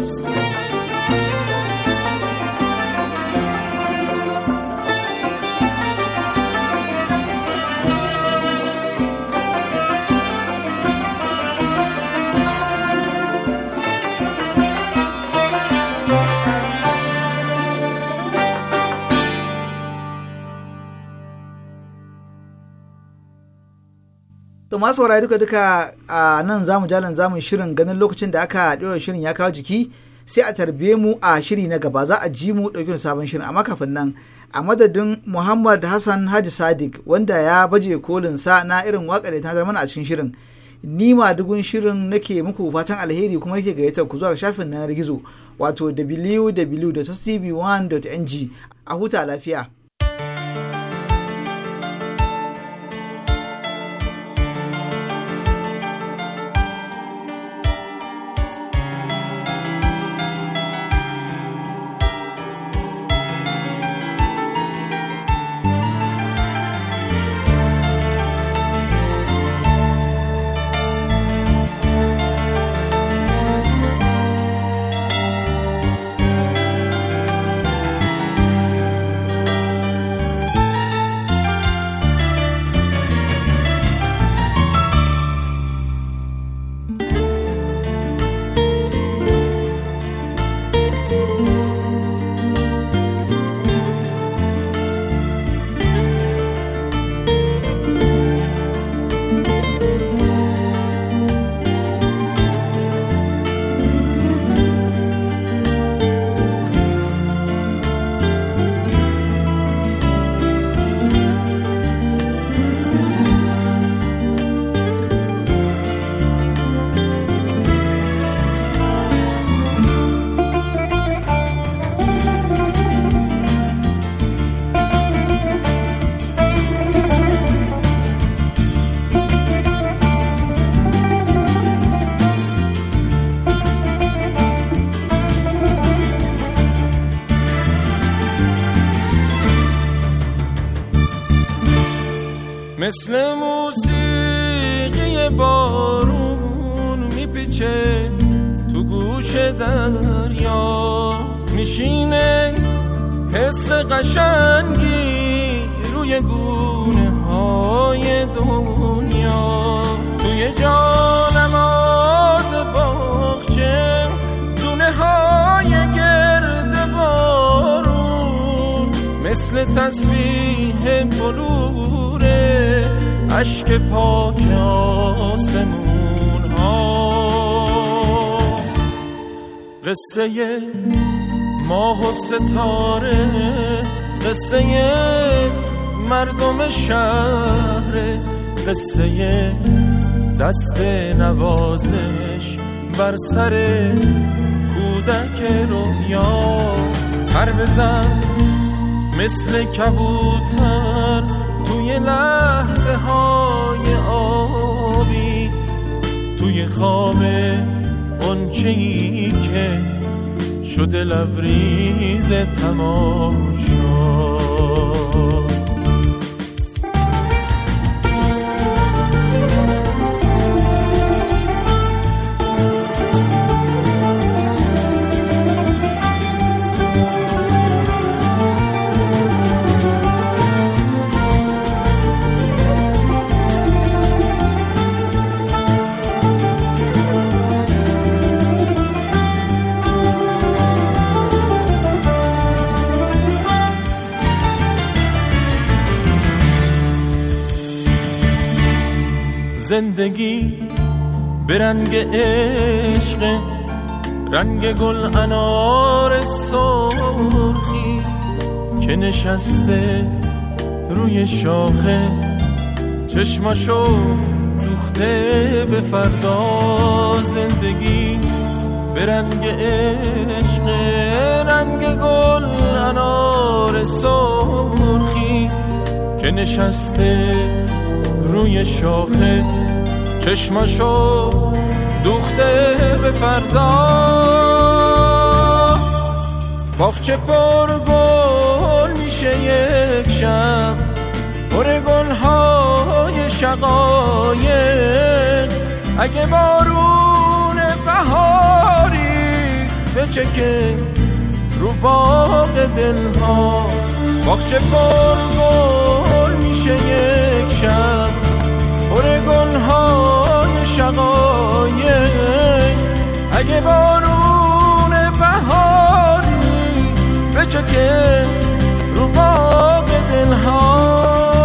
است to masu saurari duka duka a nan zamu jalan zamu shirin ganin lokacin da aka ɗora shirin ya kawo jiki sai a tarbe mu a shiri na gaba za a ji mu ɗauki sabon shirin amma kafin nan a madadin muhammad hassan haji sadiq wanda ya baje kolin sa na irin waka da ta mana a cikin shirin ni ma dugun shirin nake muku fatan alheri kuma nake gayyatar ku zuwa shafin nanar gizo wato www.tv1.ng a huta lafiya مثل موسیقی بارون میپیچه تو گوش دریا میشینه حس قشنگی روی گونه های دنیا توی آز باخچه دونه های گرد بارون مثل تصویح اشک پاک آسمون ها قصه ماه و ستاره قصه مردم شهر قصه دست نوازش بر سر کودک رویا هر بزن مثل کبوتر لحظه های آبی توی خواب اون که شده لبریز تماشا زندگی به رنگ عشق رنگ گل انار سرخی که نشسته روی شاخه چشماشو دوخته به فردا زندگی به رنگ عشق رنگ گل انار سرخی که نشسته روی شاخه چشماشو دوخته به فردا باخچه پر گل میشه یک شب پر گل های شقایق اگه بارون بهاری بچکه رو باغ دلها باخچه پر گل میشه یک شب پر های شقایق اگه بارون بهاری بچکه رو باغ دلها